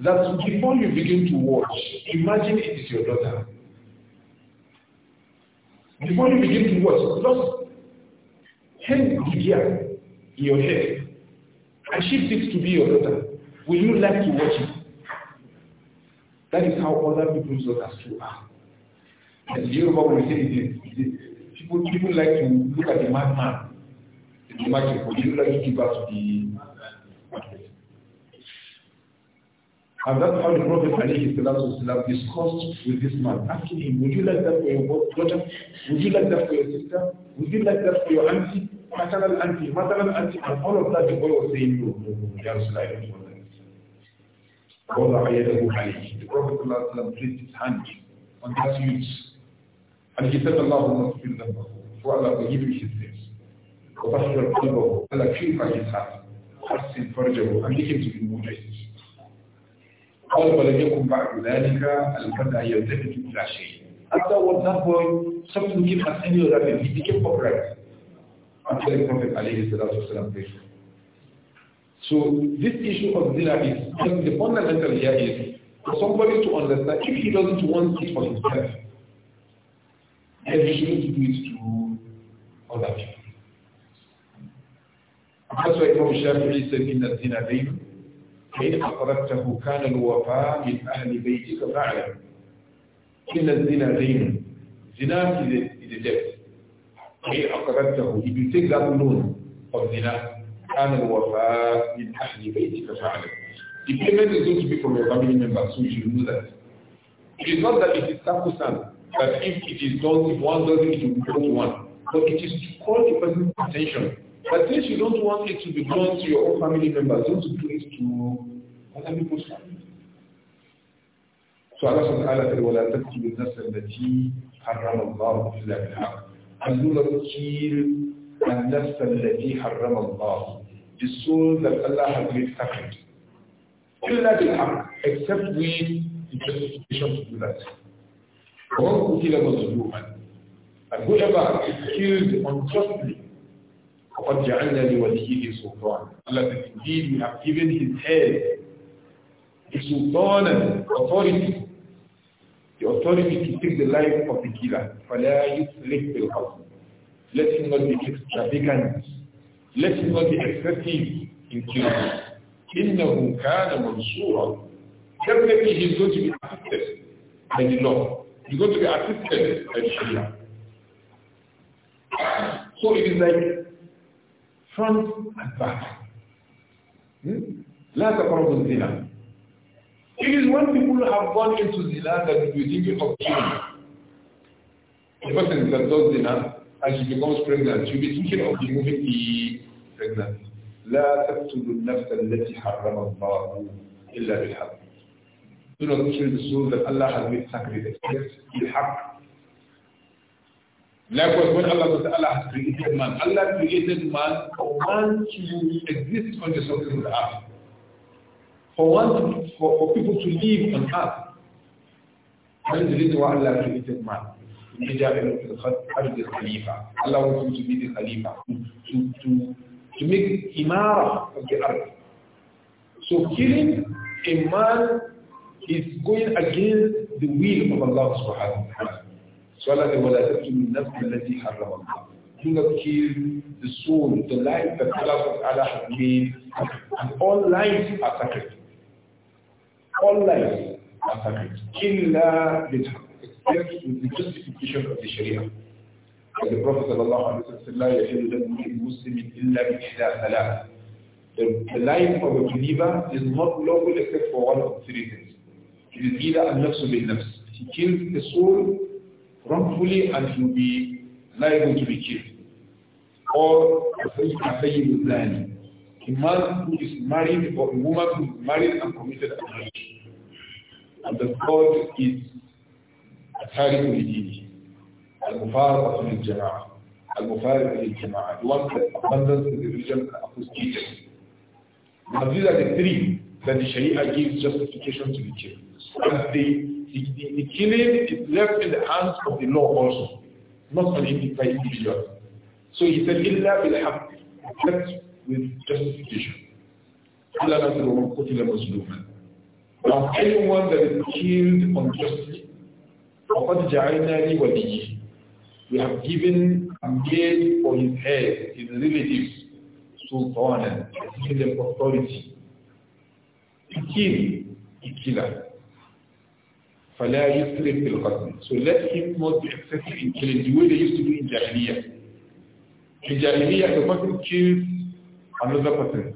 that before you begin to watch, imagine it is your daughter. Before you begin to watch, just hang the gear in your head and she it to be your daughter. Will you like to watch it? That is how other people's daughters too are. And Yoruba we say it is. People, people like to look at the madman in the market, but you like to give out the market. And that's how the Prophet Ali, ﷺ discussed with this man, asking him, would you like that for your daughter? Would you like that for your sister? Would you like that for your auntie? Maternal auntie, maternal auntie, and all of that, the boy was saying, no, no, no, no, no, no, no, no, no, no, no, the Prophet placed his hand on that youth. And he said, Allah will not fill them for Allah forgive his sins. Allah purify his heart. حَسِّنْ فَرْجَهُ And make him to be modest. قال ولم بعد ذلك الفتى يلتفت إلى شيء. After what that boy, something him as any other thing, he became popular. Until the Prophet alayhi so this issue of zina is the fundamental here is for somebody to understand if he doesn't want it for himself, then he shouldn't do it to other people. That's why Imam Shafi'i said in the zina dayn فإن أقربته كان الوفاء من أهل بيتك فاعلم إن الزنا دين زنا is a debt فإن أقربته if you take that loan of zina the payment is going to be from your family members, so you should know that. It is not that it is sacrosanct that if it is done, if one does it, it will go to one. But it is to call the person's attention. But since you don't want it to be done to your own family members, don't do it to other people's families. So Allah subhanahu wa ta'ala said, وَلَا تَكْتِبِ النَّفْسَ He حَرَّمَ اللَّهُ إِلَّا بِالْحَقِّ And do not kill النَّفْسَ الَّتِي حَرَّمَ اللَّهُ the soul that Allah has made sacred. إِلَّا بِالْحَقِّ Except we the justification to do that. who وَمَنْ قُتِلَ مَظْلُومًا And whoever is killed unjustly, فَقَدْ جَعَلْنَا لِوَلِيِّهِ سُلْطَانًا Allah said, indeed we have given his head a sultan authority, the authority to take the life of the killer. فَلَا يُسْلِكْ بِالْحَقِّ Let him not be extravagant let us not be excessive in prayer. إِنَّهُ كَانَ مَنْصُورًا Definitely he going to be assisted by the law. He going to be assisted by the Sharia. So it is like front and back. Hmm? لا تقربوا الزنا. It is when people have gone into zina that we think of killing. The person that does zina as she becomes pregnant, you will be thinking of removing the pregnancy. لا تقتلوا النفس التي حرم الله إلا بالحق. Do not kill the soul that Allah has made sacred except بالحق. Likewise, when Allah says Allah has created man, Allah created man for man to exist on the surface of the earth. For one, for, for people to live on earth. That is the reason why Allah created man he the Khalifa. Allah wants him to be the Khalifa, to, to, to make the Imara of the earth. So killing a man is going against the will of Allah subhanahu wa ta'ala. So Allah said, وَلَا تَبْتُمُ النَّفْسَ الَّتِي حَرَّمَ اللَّهُ Do not kill the soul, the life that Allah subhanahu has made, and all lives are sacred. All lives are sacred. إِلَّا بِالْحَقِّ Yes, with the justification of the Sharia. As the Prophet sallallahu alayhi wa sallam, Muslim illa bi the, the life of a believer is not lawful except for one of three things. It is either a nafsu bin nafs. He kills the soul wrongfully and he will be liable to be killed. Or a fayyib zani. A man who is married or a woman who is married and committed adultery. And the third is تارك لدينه المفارقة للجماعة المفارقة للجماعة the these are the three that the Sharia gives justification to the killing and the, the, killing is left in the hands of the law also not an individual so he said إلا بالحق left with justification Now anyone that is killed unjustly وَقَدْ جَعَلْنَا لِوَلِيِّهِ We have given a made for his head, his relatives, Sultanan, given them authority. To kill, a killer. فَلَا يُسْرِفْ فِي الْقَتْلِ So let him not be excessive in killing, the way they used to do in Jahiliyyah. In Jahiliyyah, the person kills another person.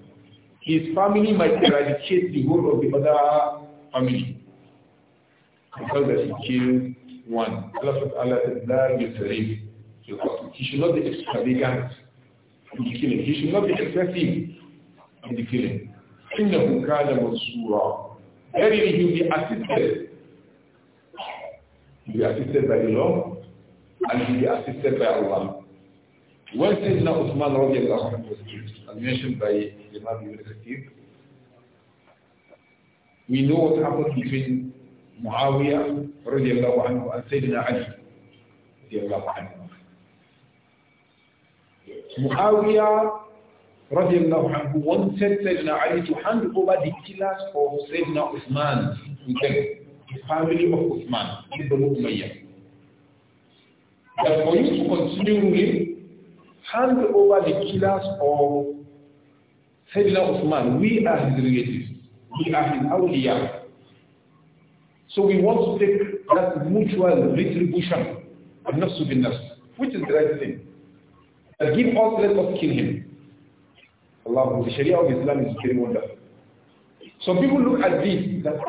His family might eradicate the whole of the other family because that he kills one. Allah subhanahu wa ta'ala is he should not be extravagant in the killing. He should not be excessive in the killing. إِنَّهُ كَانَ مَنْصُورًا Verily he will be assisted. He will be assisted by the Lord and he will be assisted by Allah. When Sayyidina Uthman radiallahu anhu was killed, as mentioned by Imam Ibn Khatib, we know what happened between Muawiyah radiallahu anhu and Sayyidina Ali radiallahu anhu. Muawiyah radiallahu anhu wanted Sayyidina Ali to hand over the killers of Sayyidina Uthman to them, the family of Uthman, Ibn Umayyah. But for you to continue ruling, hand over the killers of Sayyidina Uthman. We are his relatives. We are his awliya. So we want to take that mutual retribution of nafsu bin nafs, which is the right thing. And give all let us kill him. Allah, the Sharia of Islam is very wonderful. Some people look at this, that a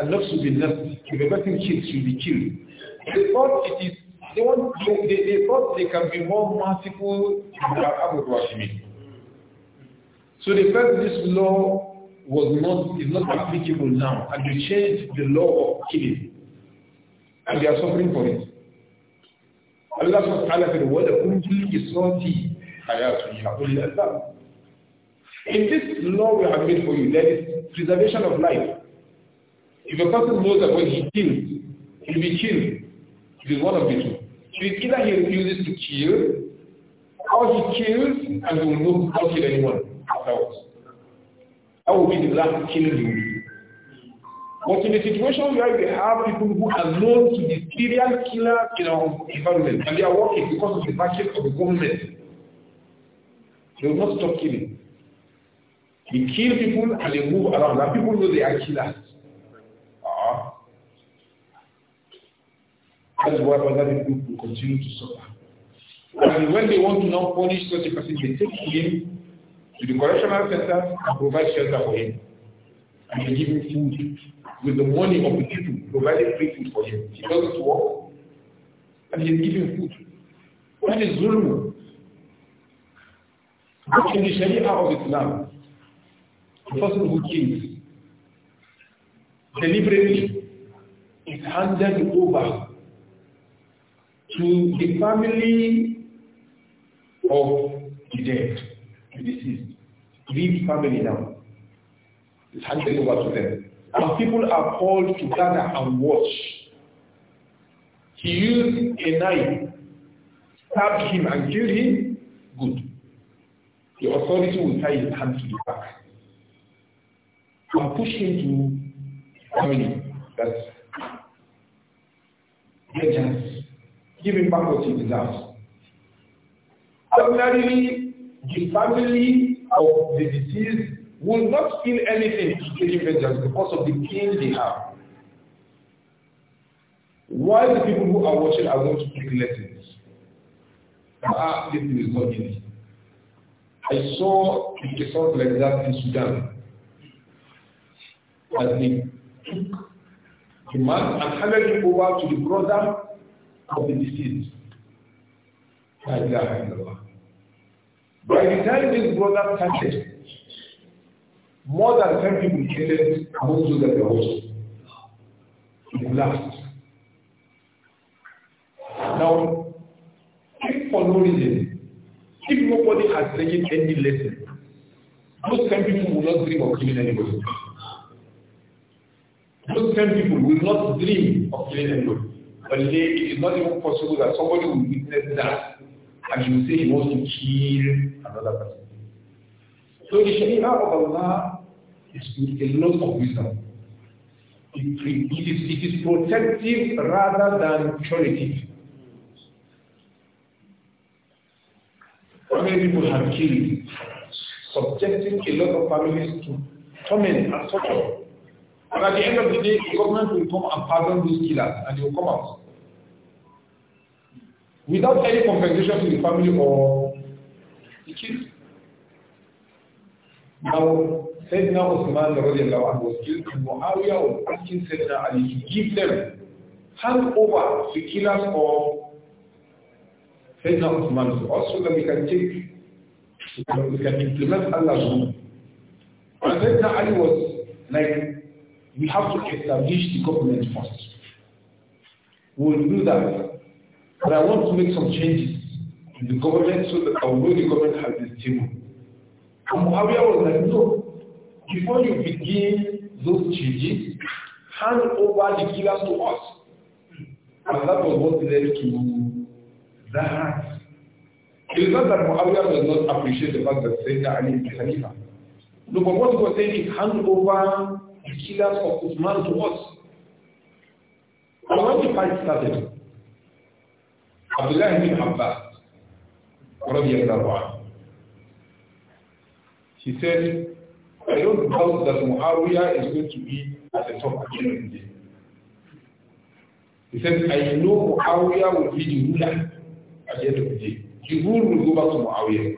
ah, nafsu bin nafs, if a person kills, should be killed. They thought it is, they, want, they, they, thought they can be more merciful than Abu Rashmi. So they felt this law was not, is not applicable now. And you changed the law of killing. And they are suffering for it. Allah subhanahu wa ta'ala said, this law we have made for you, there is preservation of life. If a person knows that when he kills, he will be killed, it is one of the two. It is either he refuses to kill, or he kills and will not kill anyone afterwards. That will be the last killing you do. But in the situation where you have people who are known to be serial killer in our environment, and they are working because of the budget of the government, they will not stop killing. They kill people and they move around, and people know they are killers. Ah. That's why other people continue to suffer. And when they want to not punish such a person, they take him to the correctional center and provide shelter for him. And they give him food with the money of the people, provided free food for him. He doesn't work, and he's giving food. That is zulm. What in the Sharia of Islam, the person who kills deliberately is handed over to the family of the dead, the deceased. Leave family now. It's handed over to them. And people are called to gather and watch. He used a knife, stabbed him and killed him. Good. The authority will tie his hands to the back and push him to family. That's vengeance. Give him back what he deserves. Ordinarily, the family or the deceased will not feel anything to claim vengeance because of the pain they have. Why the people who are watching are going to take lessons? Ah, this is not easy. I saw a result like that in Sudan. As they took the man and handed him over to the brother of the deceased. Allah. By the time this brother started, more than 10 people killed among those at the house. It last. Now, if for no reason, if nobody has taken any lesson, those 10 people will not dream of killing anybody. Those 10 people will not dream of killing anybody. But it is not even possible that somebody will witness that and you say he wants to kill another person. So the Sharia of Allah is with a lot of wisdom. It, it, is, it is protective rather than punitive. How many people have killed, subjecting a lot of families to torment and torture? And at the end of the day, the government will come and pardon those killers and they will come out without any compensation to the family or the kids. Now, Sayyidina Osman was killed and Muawiyah was asking Sayyidina Ali to give them, hand over the killers of Sayyidina Osman to so that we can take, we can implement Allah's rule. And Sayyidina Ali was like, we have to establish the government first. We will do that but I want to make some changes in the government so that I know the government has this team. And Muawiyah was like, no, before you begin those changes, hand over the killers to us. And that was what led to that. It is not that Muawiyah does not appreciate the fact that Sayyidina Ali is Khalifa. No, but what he was saying is hand over the killers of Uthman to us. And when the fight started, Abdullah ibn Abbas, he said, I don't doubt that Muawiyah is going to be at the top again." day. He said, I know Muawiyah will be the ruler at the end of the day. The rule will go back to Muawiyah.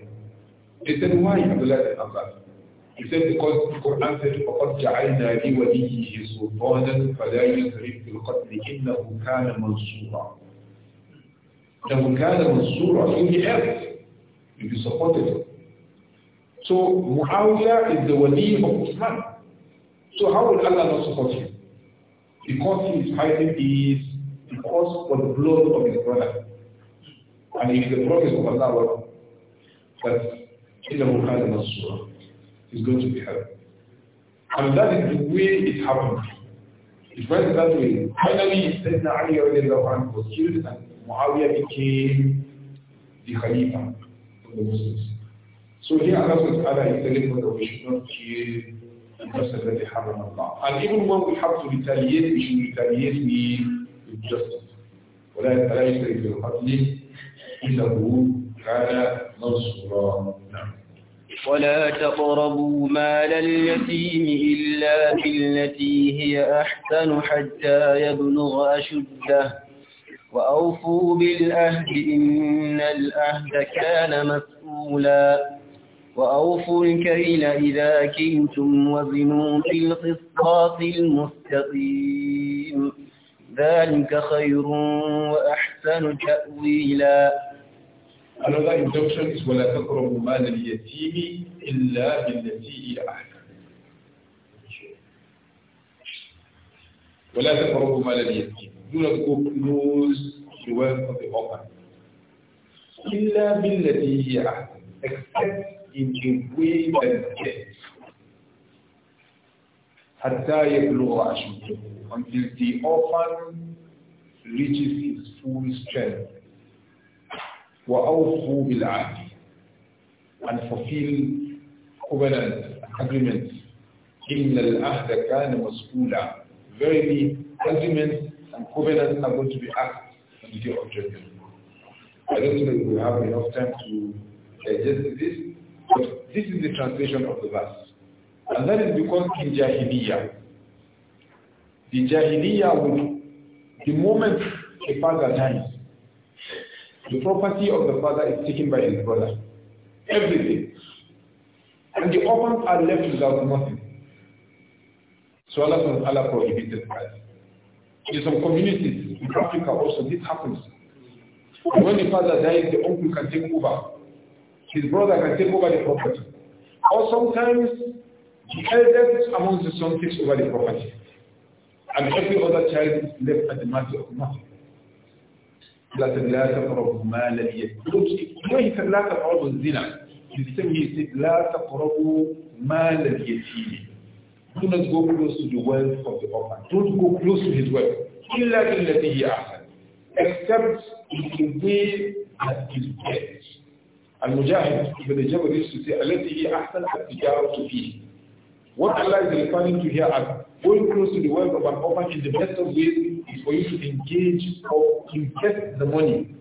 They said, why Abdullah ibn Abbas? He said, because the Quran said, وَقَدْ جَعَلْنَا لِوَلِيِّهِ سُلْطَانًا فَلَا يُسْرِفْ فِي الْقَتْلِ إِنَّهُ كَانَ مَنْصُورًا لو كان منصورا in the earth, if you supported So Muawiyah is the wali of Islam. So how will Allah not support him? Because he is fighting is because for the blood of his brother. And if the promise of Allah that إِنَّهُ كَانَ مَنْصُورًا is going to be helped. And that is the way it happened. It went that way. Finally, Sayyidina Ali was killed and Muawiya became the Khalifa of the Muslims. So here Allah subhanahu wa is telling us that we should not kill the person that they have on Allah. And even when we have to retaliate, we should retaliate with justice. ولا يتلاشى في القتل إنه كان منصورا ولا تقربوا مال اليتيم إلا بالتي هي أحسن حتى يبلغ أشده وأوفوا بالأهد إن الأهد كان مسؤولا وأوفوا الكيل إذا كنتم وزنوا في القصاص المستقيم ذلك خير وأحسن تأويلا Another injunction is وَلَا تَقْرَبُوا مَالَ الْيَتِيمِ إِلَّا بِالَّتِي هِيَ أَحْسَنُ وَلَا تَقْرَبُوا مَالَ الْيَتِيمِ do not go close to the work of the orphan. إلا بالتي except in a way that is best. حتى يبلغ until the orphan reaches his full strength. وأوفوا بالعهد and fulfill covenant agreements. إن العهد كان مسؤولا. Verily, agreements covenants are going to be asked on the day of judgment. I don't think we have enough time to digest this, but this is the translation of the verse. And that is because in Jahiliyyah, the Jahiliyyah would, the moment a father dies, the property of the father is taken by his brother. Everything. And the orphans are left without nothing. So Allah, Allah prohibited that. In some communities in Africa also, this happens. When the father dies, the uncle can take over. His brother can take over the property. Or sometimes the eldest among the sons takes over the property. And every other child is left at the mercy of nothing. When he said he said do not go close to the wealth of the orphan. Don't go close to his wealth. إِلَّا إِلَّذِي أَحْسَنَ Except in the way that is best. And mujahid the Jabal used to say, أَلَّذِي أَحْسَنَ to فِيهِ What Allah is referring to here as going close to the wealth of an orphan in the best of ways is for you to engage or invest the money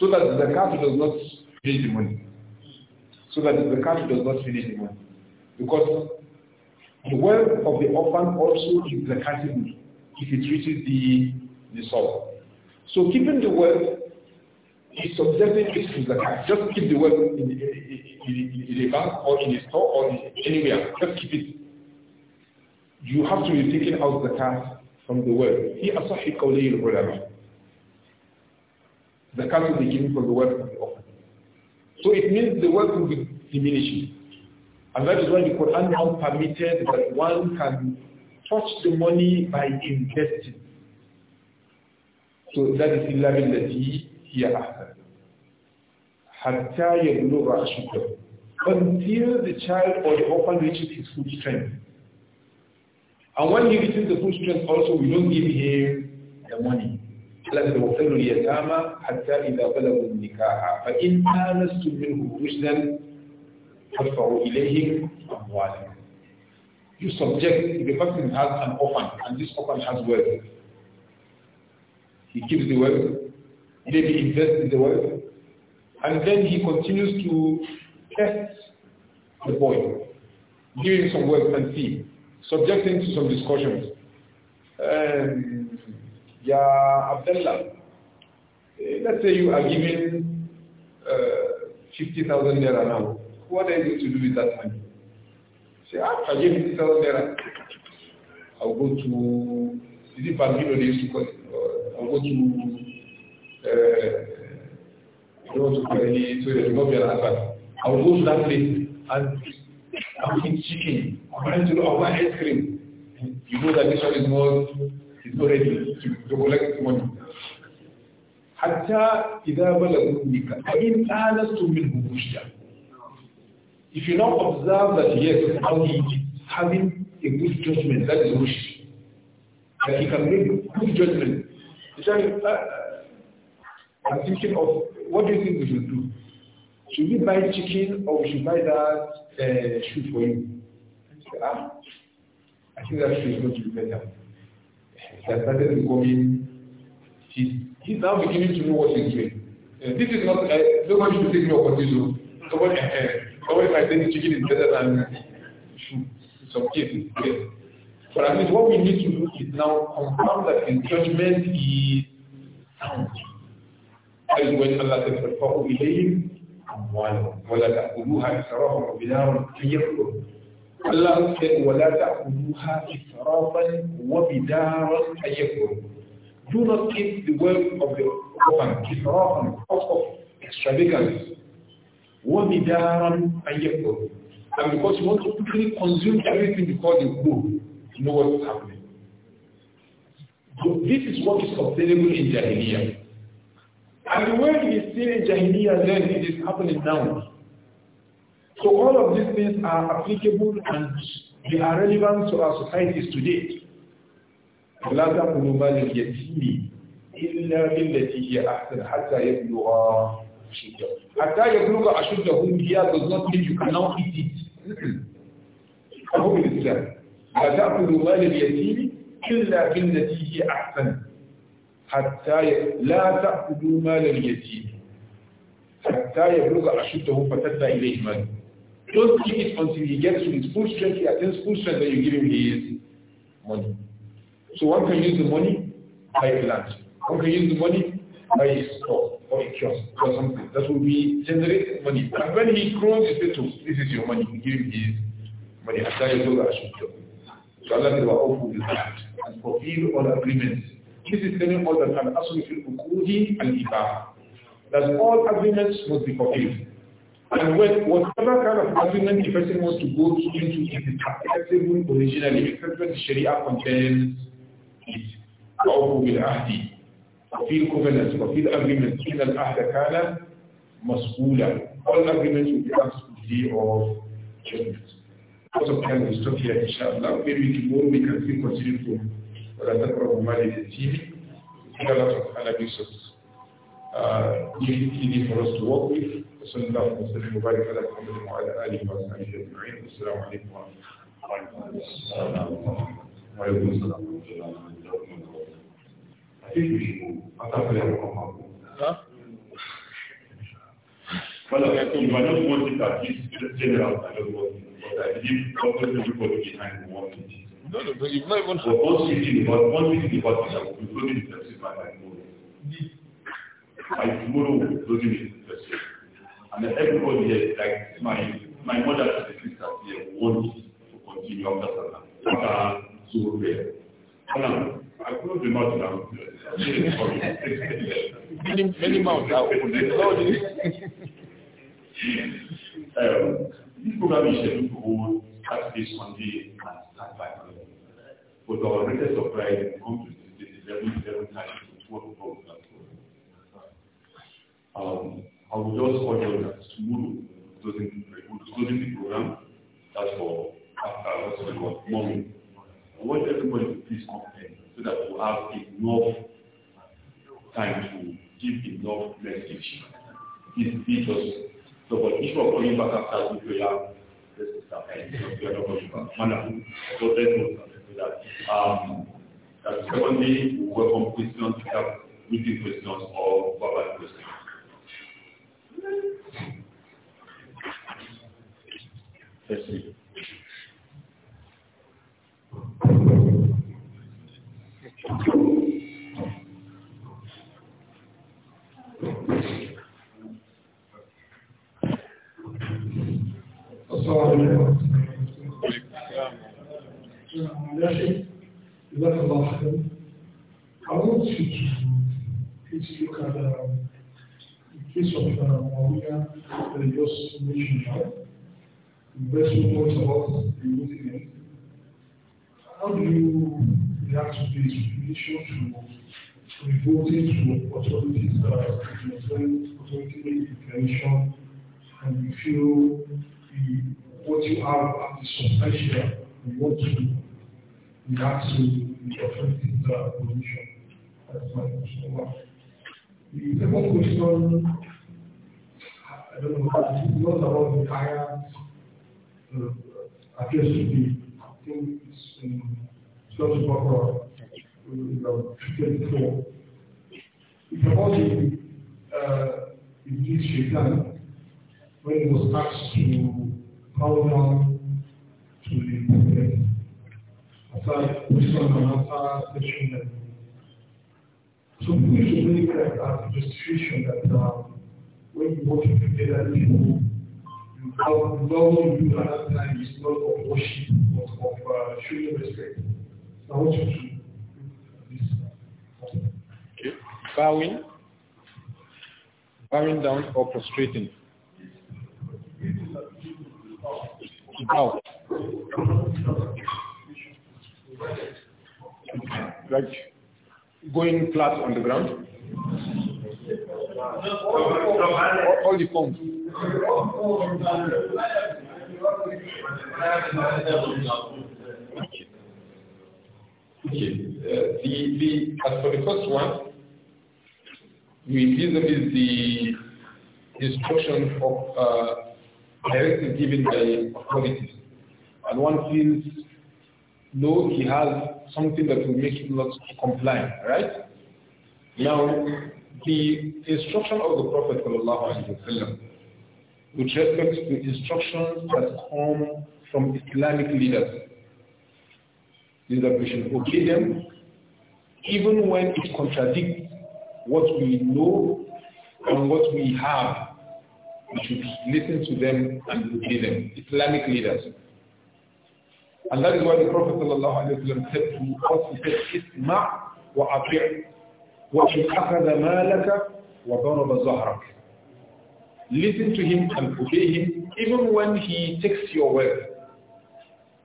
so that the zakat does not finish the money. So that the zakat does not finish the money. Because the wealth of the orphan also is zakatable if it reaches the the soul. So keeping the wealth is subjecting it to zakat. Just keep the wealth in, in, in, a bank or in a store or anywhere. Just keep it. You have to be taking out zakat from the wealth. He asahi qawli al The Zakat will be given from the wealth of the orphan. So it means the wealth will be diminishing. And that is why the Quran now permitted that one can touch the money by investing. So that is illa billati hiya here Hatta yablugha ashuddahu. Until the child or the orphan reaches his full strength. And when he reaches the full strength also, we don't give him the money. لكن وقتلوا اليتامى حتى إذا بلغوا النكاح فإن آنستم منهم رشدا تدفع إليهم أموالهم you subject, if a person has an orphan and this orphan has wealth, he keeps the wealth, maybe invests in the wealth, and then he continues to test the boy, giving some wealth and see, subjecting to some discussions. Um, yeah, Abdullah, eh, let's say you are given uh, 50,000 naira now. What are you going to do with that money? Say, after I gave you 6,000 naira. I'll go to, is it Bambino they used to call it? I'll go to, uh, I don't want to call any, so there's not be an answer. I'll go to that place and i will eat chicken. I'm going to do our ice cream. You know that this one is more, is not ready to, to collect money. حتى إذا بلغوا النكاح فإن آنستم منهم رشدا if you now observe that yes, how he is having a good judgment, that is wish. That he can make good judgment. I, uh, uh, I'm thinking of what do you think we should do? Should we buy chicken or we should buy that uh, shoe for him? Ah, I think that shoe is going to be better. He started becoming, he's, he's now beginning to know what he's doing. Uh, this is not, uh, nobody should take me up on this. uh, uh chicken is better than some cases. But at least what we need to do is now confirm that judgment is sound. That is when Allah says, فَالْفَقُوا إِلَيْهِمْ أَمْوَالَهُمْ وَلَا تَأْكُلُوهَا إِسْرَافًا وَبِدَارًا أَنْ Allah said, وَلَا تَأْكُلُوهَا إِسْرَافًا وَبِدَارًا أَنْ يَكْبُرُوا Do not keep the wealth of the orphan, إِسْرَافًا, of extravagance, وَمِدَارًا أَيَّكُمْ And because you want to quickly consume everything before you move, you know what is happening. So this is what is sustainable in Jahiliyyah. And the way it is seen in Jahiliyyah, then it is happening now. So all of these things are applicable and they are relevant to our societies today. ولا تقلوا مال اليتيم إلا بالتي هي أحسن حتى يبلغ after you look at Ashud Dahum here does not mean you cannot eat it. I hope it is clear. لا تأكلوا مال اليتيم إلا بالتي هي أحسن حتى لا تأكلوا مال اليتيم حتى يبلغ أشده فتدى إليه مال Don't give it until he gets to his full strength, he attends full strength, then you give him his money. So one can use the money by plant. One can use the money by his store. Or a kiosk or something that will be generating money. And when he grows his status, oh, this is your money, you give him his money. I tell you, I should talk. So Allah said, awful with that and fulfill all agreements. This is telling all that an asli fil ukuhi and ibah. That all agreements must be fulfilled. And when whatever kind of agreement the person wants to go into it is acceptable originally, except when the Sharia contains it. Awful with ahdi. وفي الكوفنس وفي الأجريمنت إن العهد كان مسؤولا all agreements will be absolutely of judgment. Out of time, we stop here, inshallah. Maybe tomorrow we can still continue to Razakra Umari the TV. We have a lot of analysis uh, easy for us to work with. وصلى الله وسلم وبارك على محمد وعلى اله وصحبه اجمعين والسلام عليكم ورحمه الله وبركاته. وعليكم السلام ورحمه الله وبركاته. few uh, I don't want it, at least general, I don't want it. But I believe No, no, you've not even... one one I will be closing the by By tomorrow, we will be closing the And everybody here, like my, my mother and sister here, to continue after I close the mouth many, many mouths are open. this program is scheduled to hold Saturday, Sunday, and start by But our greatest surprise comes to the 11, 11 time to 12 o'clock um, I will just call you that tomorrow, closing, closing the program, that's for after what's called morning. I want everybody to please come in so that we have enough time to give enough message. This is just so but if you're coming back after the prayer, this is the end. We are not going back. Wonderful. So let's move that. Um that secondly we welcome questions we have written questions or verbal questions. Let's see. Thank you. السلام عليكم جزاك الله خير I want you to please look at uh, the case of just mentioned now. The best report about the movement. How do you react to this relation to revolting to authorities' that uh, concern, authority intervention, and you feel the, what you have as substantial, you want to react to the authorities' uh, position. That's my question. The second question, I don't know, it's not about the higher uh, appears to be. I think it's um, just about 24. Supposedly, uh, Iblis Shaitan, when he was asked to bow down to the prophet, after question and answer session, so we should make that as illustration that uh, when you worship that people, you bow down to you at that time is not of worship, but of uh, showing respect. So I want you to bowing, bowing down or prostrating. Bow. Like going flat on the ground. All, all the forms. Okay. okay. Uh, the, the, as for the first one, we a the instruction of uh, directive given by authorities. And one feels, no, he has something that will make him not comply, right? Now, the instruction of the Prophet وسلم, which reflects the instructions that come from Islamic leaders, is that we should obey them even when it contradicts what we know and what we have. We should listen to them and obey them, Islamic leaders. And that is why the Prophet ﷺ said to us, he said, Isma' wa ati' wa in malaka wa daraba zahrak. Listen to him and obey him even when he takes your wealth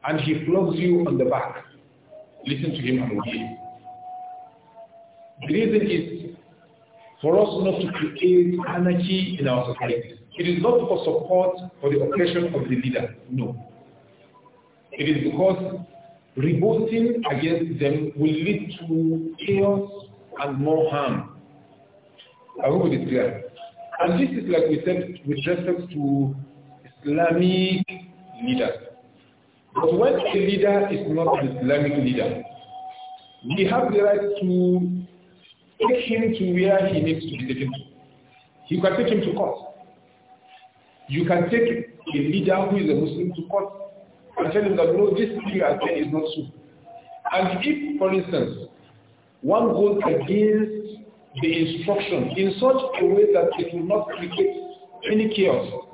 and he flogs you on the back. Listen to him and obey him. The reason is for us not to create anarchy in our society. It is not for support for the oppression of the leader, no. It is because revolting against them will lead to chaos and more harm. I hope it is clear. And this is like we said with respect to Islamic leaders. But when a leader is not an Islamic leader, we have the right to take him to where he needs to be taken to. You can take him to court. You can take a leader who is a Muslim to court and tell him that no, this thing you are saying is not true. And if, for instance, one goes against the instruction in such a way that it will not create any chaos,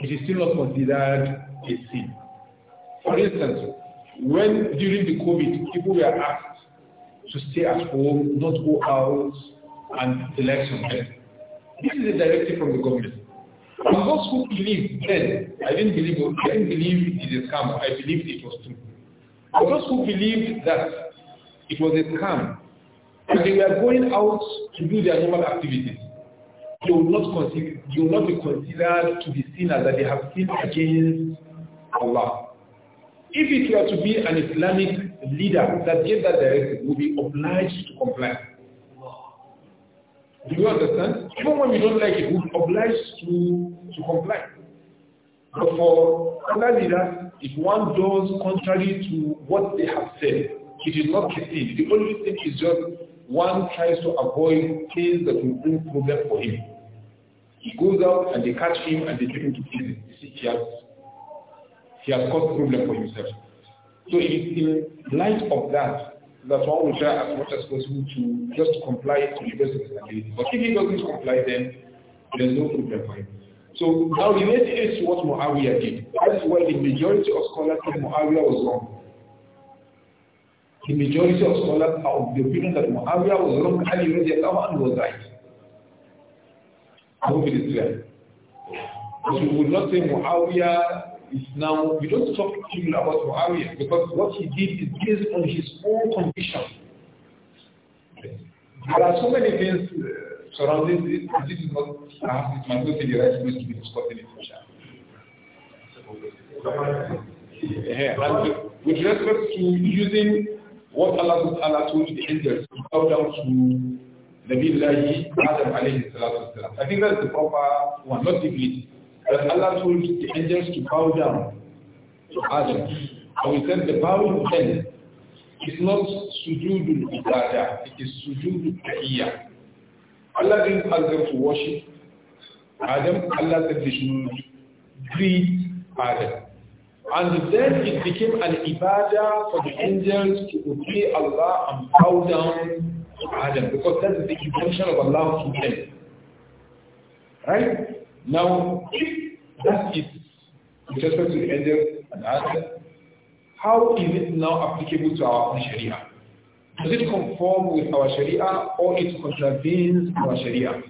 it is still not considered a sin. For instance, when during the COVID, people were asked to stay at home, not go out, and the likes of that. This is a directive from the government. And those who believe then, I didn't believe, I didn't believe it is a scam. I believed it was true. But those who believed that it was a scam, and they were going out to do their normal activities, they will not consider, they will not be considered to be sinners that they have sinned against Allah. If it were to be an Islamic leader that gave that directive will be obliged to comply. Do you understand? Even when we don't like it, we be obliged to, to comply. But for other leaders, if one does contrary to what they have said, it is not received. The only thing is just one tries to avoid things that will bring problem for him. He goes out and they catch him and they take him to prison. You see, he has, he has caused problem for himself. So it is in light of that that one will try as much as possible to just comply to the best of his ability. But if he doesn't comply, then there's no problem for him. So now relate it to what Muawiyah did. That is why the majority of scholars think Muawiyah was wrong. The majority of scholars are of the opinion that Muawiyah was wrong, Ali radiallahu anhu was right. I hope it is clear. But we would not say Muawiyah now, we don't talk to him about Muawiyah because what he did is based on his own condition. There are so many things uh, surrounding this, and this is not, perhaps uh, it might not be the right place to be discussing it, inshallah. And with respect to using what Allah, Allah told the angels to bow down to Nabi Adam alayhi salatu I think that's the proper one, not the that Allah told the angels to bow down to Adam. And we said the bowing them is not sujoodul ibadah, it is sujoodul tahiyyah. Allah didn't ask them to worship Adam, Allah said they should greet Adam. And then it became an ibadah for the angels to obey Allah and bow down to Adam because that is the intention of Allah to them. Right? Now, if that is with respect to the angel and answer, how is it now applicable to our own Sharia? Does it conform with our Sharia or it contravenes our Sharia?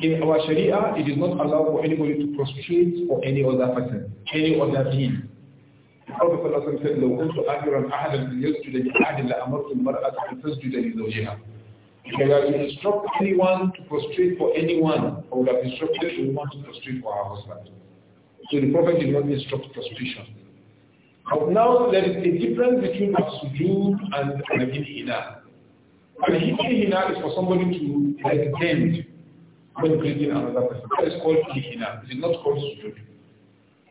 In our Sharia, it is not allowed for anybody to prostrate for any other person, any other being. لو كنت أحدا لأحد لأمرت المرأة أن تسجد لزوجها if I have instructed anyone to prostrate for anyone, I would have instructed the woman to prostrate for her husband. So the Prophet did not instruct prostration. But now there is a difference between sujood and al-hina. Al-hina is for somebody to like bend when greeting another person. That is called hina. It is not called sujood.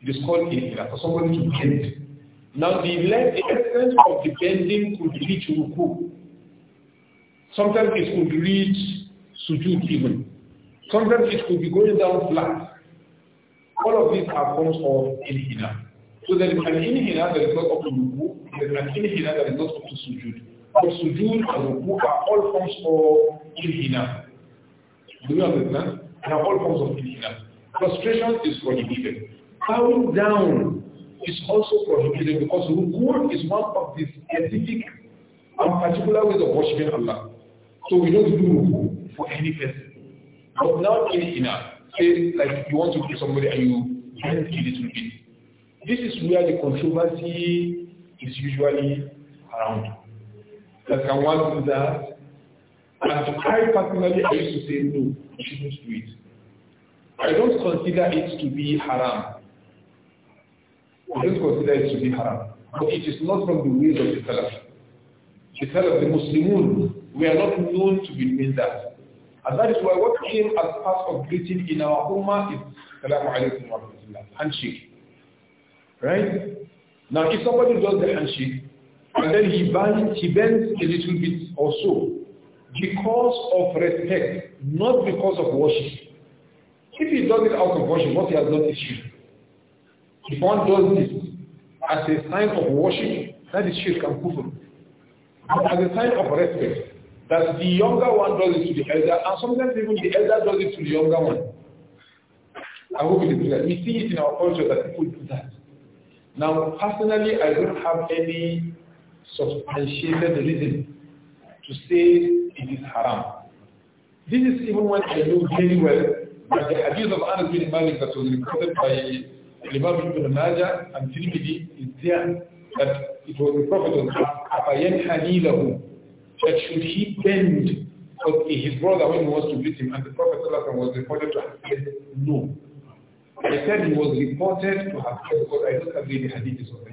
It is called hina for somebody to bend. Now the essence of the bending could reach ruku. Sometimes it could reach sujood even. Sometimes it could be going down flat. All of these are forms of inhina. So there is an inhina that is not up to ruku, there is an inhina that is not up to sujood. But sujood and ruku are all forms of inhina. Do you understand? They are all forms of inhina. Prostration is prohibited. Bowing down is also prohibited because ruku is one of the specific and particular ways of worshiping Allah. So we don't do for any person. But now any enough. Say like you want to kill somebody and you don't kill this bit. This is where the controversy is usually around. That can one do that? And I personally I used to say no, you shouldn't do it. I don't consider it to be haram. I don't consider it to be haram. But it is not from the ways of the Salaf. The Salaf, the Muslimun, we are not known to be doing that. And that is why what came as part of greeting in our Ummah is Salamu wa rahmatullah, handshake. Right? Now if somebody does the handshake, and then he bends, he bends a little bit or so, because of respect, not because of worship. If he does it out of worship, what he has done is shirk. If one does this as a sign of worship, that is shirk and kufr. As a sign of respect, that the younger one does it to the elder, and sometimes even the elder does it to the younger one. I hope it is clear. We see it in our culture that people do that. Now, personally, I don't have any substantiated reason to say it is haram. This is even when I know very well that the abuse of Anas bin Malik that was reported by Imam ibn Majah and Tirmidhi is there that it was the Prophet was that should he bend his brother when he wants to beat him, and the Prophet was reported to have said no. I said he was reported to have said because I don't agree the hadith of the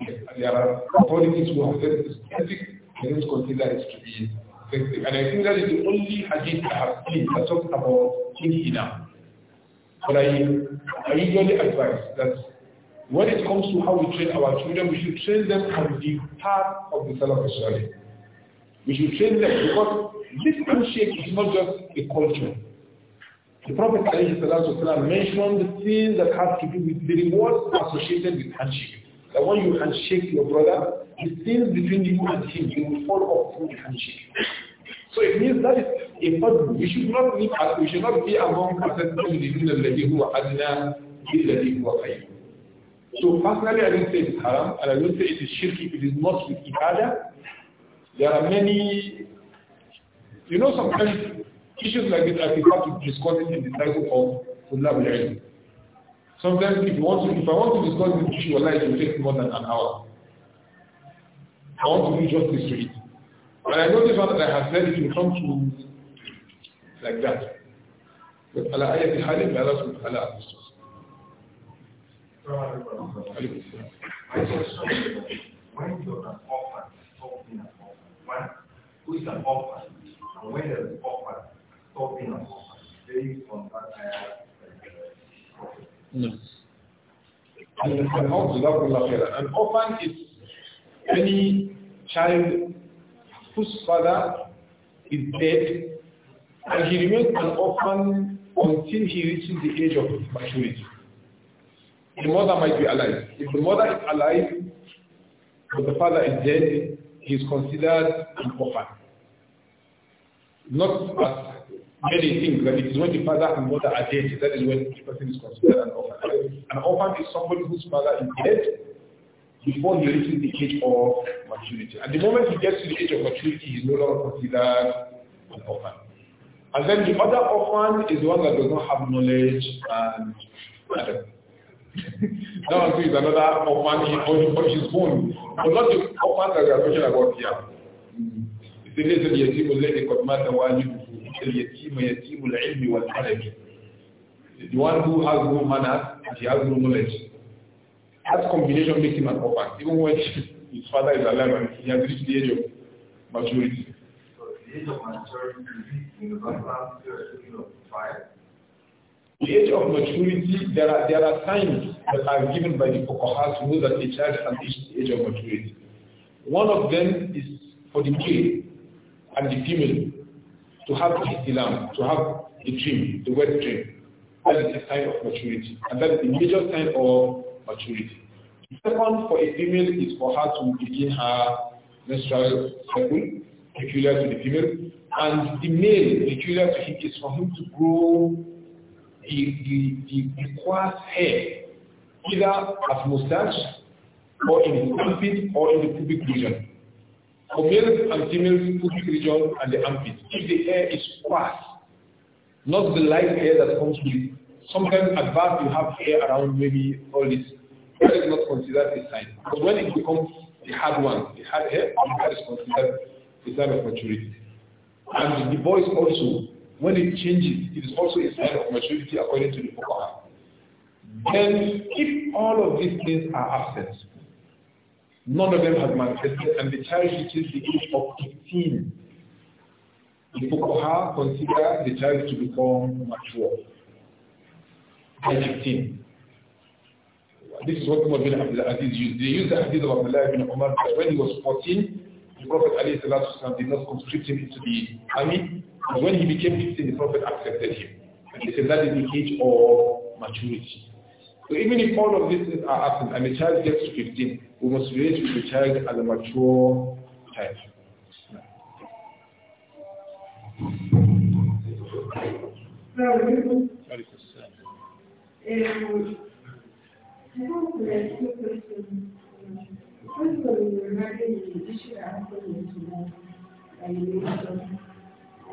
Yes, there are authorities who have said it is authentic, they don't consider it to be effective. And I think that is the only hadith I have seen that talks about King Ina. But I, I usually advise that when it comes to how we train our children, we should train them to the part of the Salaf Salih. We should train them because this handshake is not just a culture. The Prophet ﷺ mentioned the things that have to do with the rewards associated with handshake. That when you handshake your brother, the things between you and him, you will fall off through the handshake. So it means that a fadl. We should not be, we should not be among people who are not بِالَّذِي هُوَ خَيْرٌ So personally, I don't say it's haram, and I don't say it is shirk if it is not with ibadah, there are many, you know, sometimes issues like this I have to discuss it in the title of Tulab al Sometimes if, you want to, if I want to discuss this issue, life, it will take more than an hour. I want to do justice to it. But I know this one that I have said, it will come to like that. But Allah, I have the Allah, subhanahu wa ta'ala. When who is an orphan. And when there's an orphan, stopping an orphan based on that higher An orphan is any child whose father is dead and he remains an orphan until he reaches the age of maturity. The mother might be alive. If the mother is alive, but the father is dead, he is considered an orphan. Not as many things, that it is when the father and mother are dead, that is when the person is considered an orphan. An orphan is somebody whose father is dead before he reaches the age of maturity. And the moment he gets to the age of maturity, he is no longer considered an orphan. And then the other orphan is the one that does not have knowledge and that also is another orphan on his own. But not the orphan that we are talking about here. It's the of the little yatim lady قد مات والده اليتيم يتيم العلم والقلم. The one who has no manners and he has no knowledge. That combination makes him an orphan, even when his father is alive and he has reached the age of maturity. So the age of maturity in the Bible is the age of trial the age of maturity, there are, there are signs that are given by the Fuqaha to know that a child has reached the age of maturity. One of them is for the male and the female to have Islam, to have the dream, the wet dream. That is a sign of maturity. And that is the major sign of maturity. The second for a female is for her to begin her menstrual cycle, peculiar to the female. And the male, peculiar to him, is for him to grow he, requires hair, either as mustache or in the armpit or in the pubic region. For males and females, pubic region and the armpit. If the hair is sparse, not the light hair that comes with, sometimes at birth you have hair around maybe all this. That is not considered a sign. But when it becomes the hard one, the hard hair, that is considered a sign of maturity. And the boys also, when it changes, it is also a sign of maturity according to the Quran. Then if all of these things are absent, none of them has manifested, and the child reaches the age of 18, the Fuqaha considers the child to become mature by 15. This is what Umar bin Abdullah Aziz used. They used the hadith of Abdullah bin Umar, when he was 14, the Prophet ﷺ did not conscript him into the army, and when he became 15, the Prophet accepted him. And he said that is the age of maturity. So even if all of these things are happening and the child gets to 15, we must raise the child as a mature child. Thank you.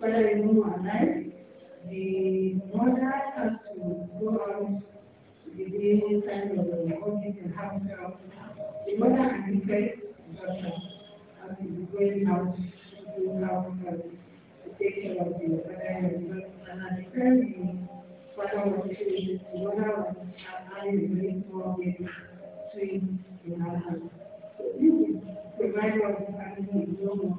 whether you moon or the mother has to go out to the daily time of the office and have The mother and the first daughter have to be going out to do help to take care of the other. and And at the time, the father was children, the mother was having a in So you, is provide what the family is normal.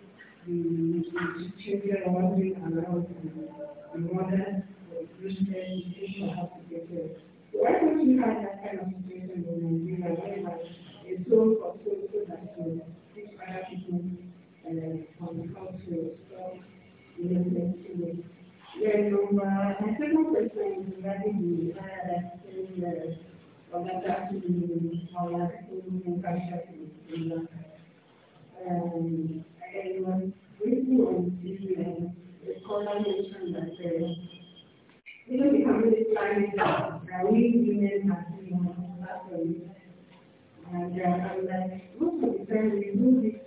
to, take care of and the mother was Christian, has to take care. Why don't you have that kind of situation in Nigeria where you have a soul for soul so that you teach other people uh, from the culture? So, you know, next week. Then, um, uh, my second question is regarding the uh, that or that that is how that people can in Sri Thank you on the, uh, the scholar mentioned that uh, even the community climate that we women have been on that and, uh, and most of the time we do this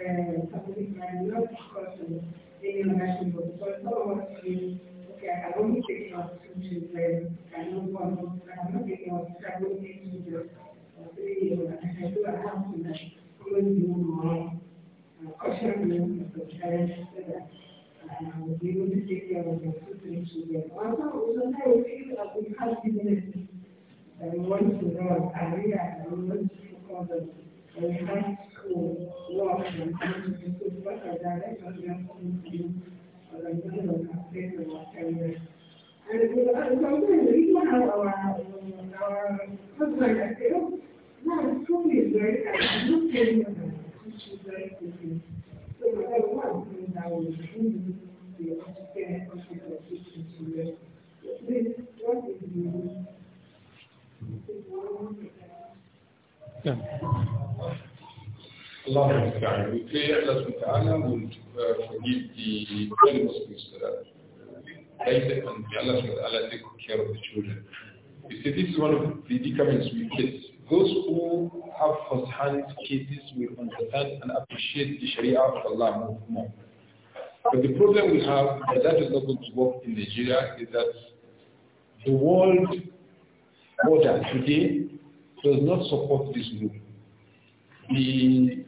uh, community not because of any organization but So some of us okay I only take care two children I know one, but I cannot not care of I won't take care of three I do a house and I to do more عشر من الشارع ويوجد فيها وتنسيق الشيء وأنا وصلنا يفيد أقول حد من الوالد الرابع عليها الوالد الفقادة ويحاج واحد من الكتب فكذلك فلنقوم بهم ولم يكن الحقيقة والكلمة أنا أقول أنا أريد أن أقول أنا أقول أنا أقول أنا أقول أنا أقول which we the Allah Ta'ala uh, forgive the non that. They and Allah Ta'ala take care of the children. You see, this is one of the predicaments we face those who have first-hand cases will understand and appreciate the Sharia of Allah more. But the problem we have, and that is not going to work in Nigeria, is that the world order today does not support this rule. The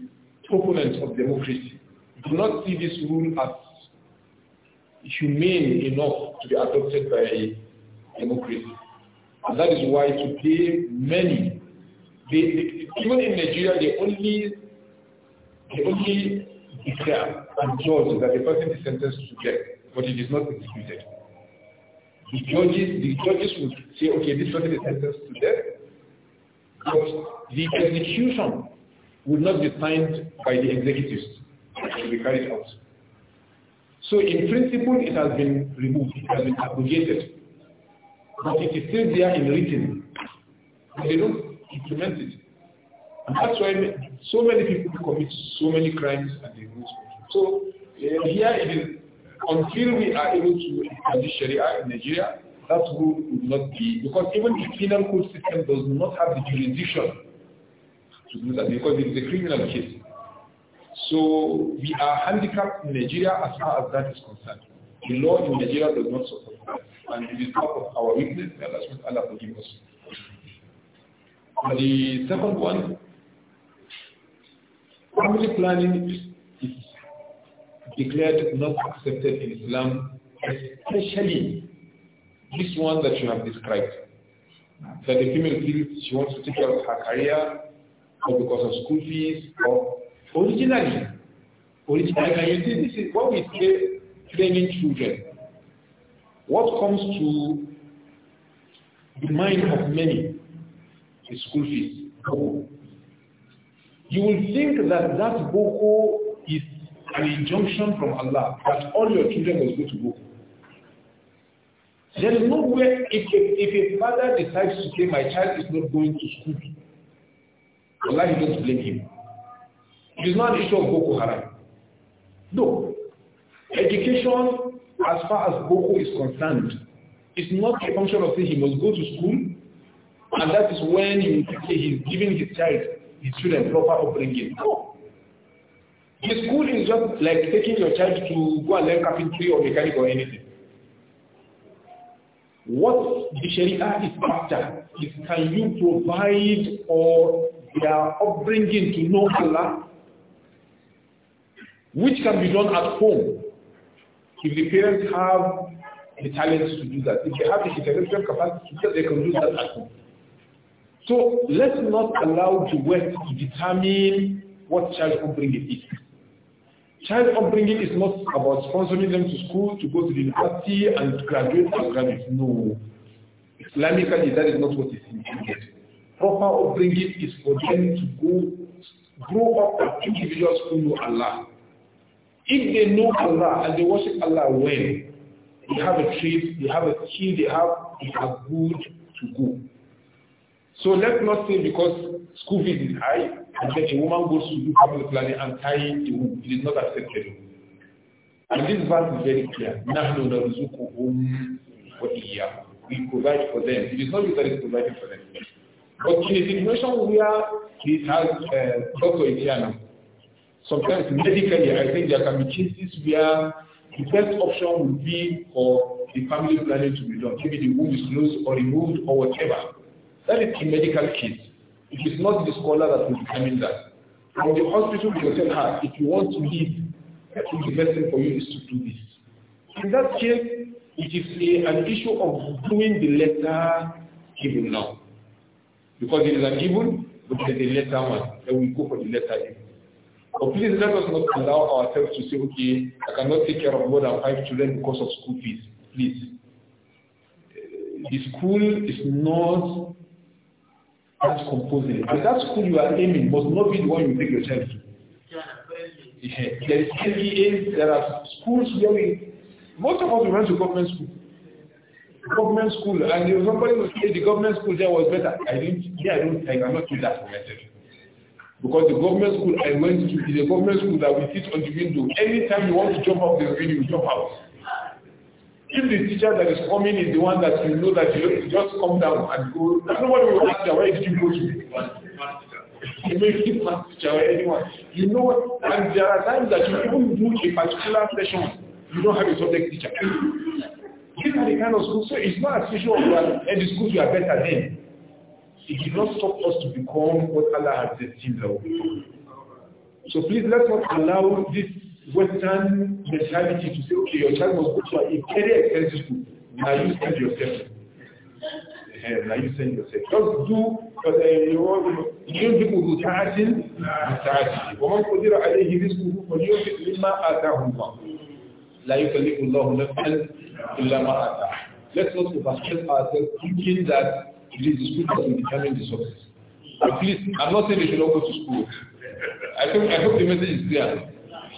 proponents of democracy do not see this rule as humane enough to be adopted by democracy. And that is why today many they, even in Nigeria, the only the only declare and judge that the person is sentenced to death, but it is not executed. The judges, the judges would say, okay, this person is sentenced to death, but the execution would not be signed by the executives to be carried out. So in principle, it has been removed, it has been abrogated, but it is still there in written. They don't implement it. And that's why so many people commit so many crimes and they lose So uh, here it is, until we are able to establish Sharia in Nigeria, that rule would not be, because even the penal code system does not have the jurisdiction to do that because it is a criminal case. So we are handicapped in Nigeria as far as that is concerned. The law in Nigeria does not support that. And it is part of our weakness Allah forgive us. The second one, family planning is declared not accepted in Islam, especially this one that you have described. That the female feels she wants to take care of her career or because of school fees or originally. Originally, you see, this is what we say training children. What comes to the mind of many the school fees. You will think that that boko is an injunction from Allah that all your children must go to boko. There is no way if a, if a father decides to say my child is not going to school, Allah does not blame him. It is not an issue of Boko Haram. No. Education, as far as Boko is concerned, is not a function of saying he must go to school and that is when you say he's giving his child, his children proper upbringing. No. The school is just like taking your child to go and learn carpentry or mechanic or anything. What the Sharia is after is can you provide or their upbringing to know Allah, which can be done at home if the parents have the talents to do that. If they have the intellectual capacity, they can do that at home. So let's not allow the West to determine what child upbringing is. Child upbringing is not about sponsoring them to school, to go to the university and graduate and graduate. No. Islamically, that is not what is intended. Proper upbringing is for them to go grow up as individuals who know Allah. If they know Allah and they worship Allah well, they have a trip, they have a key, they have, they are good to go. So let's not say because school fees is high, and then a woman goes to do family planning and tie the womb. It is not acceptable. And this verse is very clear. We provide for them. It is not you that is providing for them. But in a situation where it has uh, Dr. Itiana, sometimes medically, I think there can be cases where the best option would be for the family planning to be done. Maybe the womb is closed or removed or whatever. That is the medical kit. It is not the scholar that will determine that. From the hospital will tell her, if you want to be the best thing for you is to do this. In that case, it is a, an issue of doing the letter given now. Because it is a given, but there is a letter one. Then we go for the letter A. But please let us not allow ourselves to say, okay, I cannot take care of more than five children because of school fees. Please. The school is not that's composing. And that school you are aiming must not be the one you take yourself to. Yeah. There is LEA, there are schools where we, most of us went to government school. Government school, and if somebody would say the government school there was better. I didn't, yeah, I don't, I cannot do that for myself. Because the government school I went to is a government school that we sit on the window. Anytime you want to jump out the window, you jump out. If the teacher that is coming is the one that you know that you just come down and go, nobody will ask you, where did you go to? You may keep past teacher or anyone. You know, and there are times that you even do a particular session, you don't have a subject teacher. These are the kind of schools, so it's not a as of that in the schools you are better than. It did not stop us to become what Allah has destined us. So please let us allow this Western mentality to say, okay, your child was go to a very expensive school. Now you send yourself. Now you send yourself. Just do, because uh, you want ينفق ذو who من سعته ومن قدر عليه رزقه فلينفق مما آتاه الله لا يكلف الله نفسا إلا ما آتاه Let's not overstress ourselves thinking that it is the school that will determine the success. At least, I'm not saying they should not go to school. I, think, I hope the message is clear.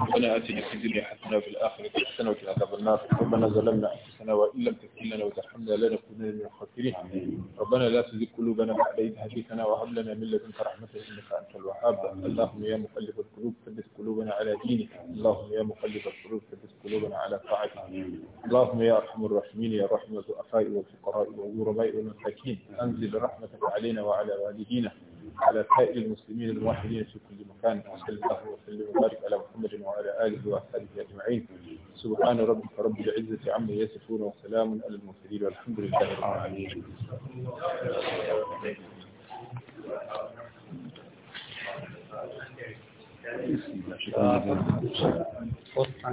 ربنا آتنا في الدنيا حسنة وفي الآخرة حسنة وفي عذاب النار ربنا ظلمنا أنفسنا وإن لم تغفر لنا وترحمنا لنكونن من الخاسرين ربنا لا تزغ قلوبنا بعد إذ هديتنا وهب لنا من لدنك رحمة إنك أنت الوهاب اللهم يا مقلب القلوب ثبت قلوبنا على دينك اللهم يا مقلب القلوب ثبت قلوبنا على طاعتك اللهم يا أرحم الراحمين يا رحمة الضعفاء والفقراء والغرباء والمساكين أنزل رحمتك علينا وعلى والدينا على سائر المسلمين الموحدين في كل مكان وصلى الله وسلم وبارك على محمد وعلى آله وأصحابه أجمعين سبحان ربك رب العزة عما يصفون وسلام على المرسلين والحمد لله رب العالمين Thank آه.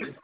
you.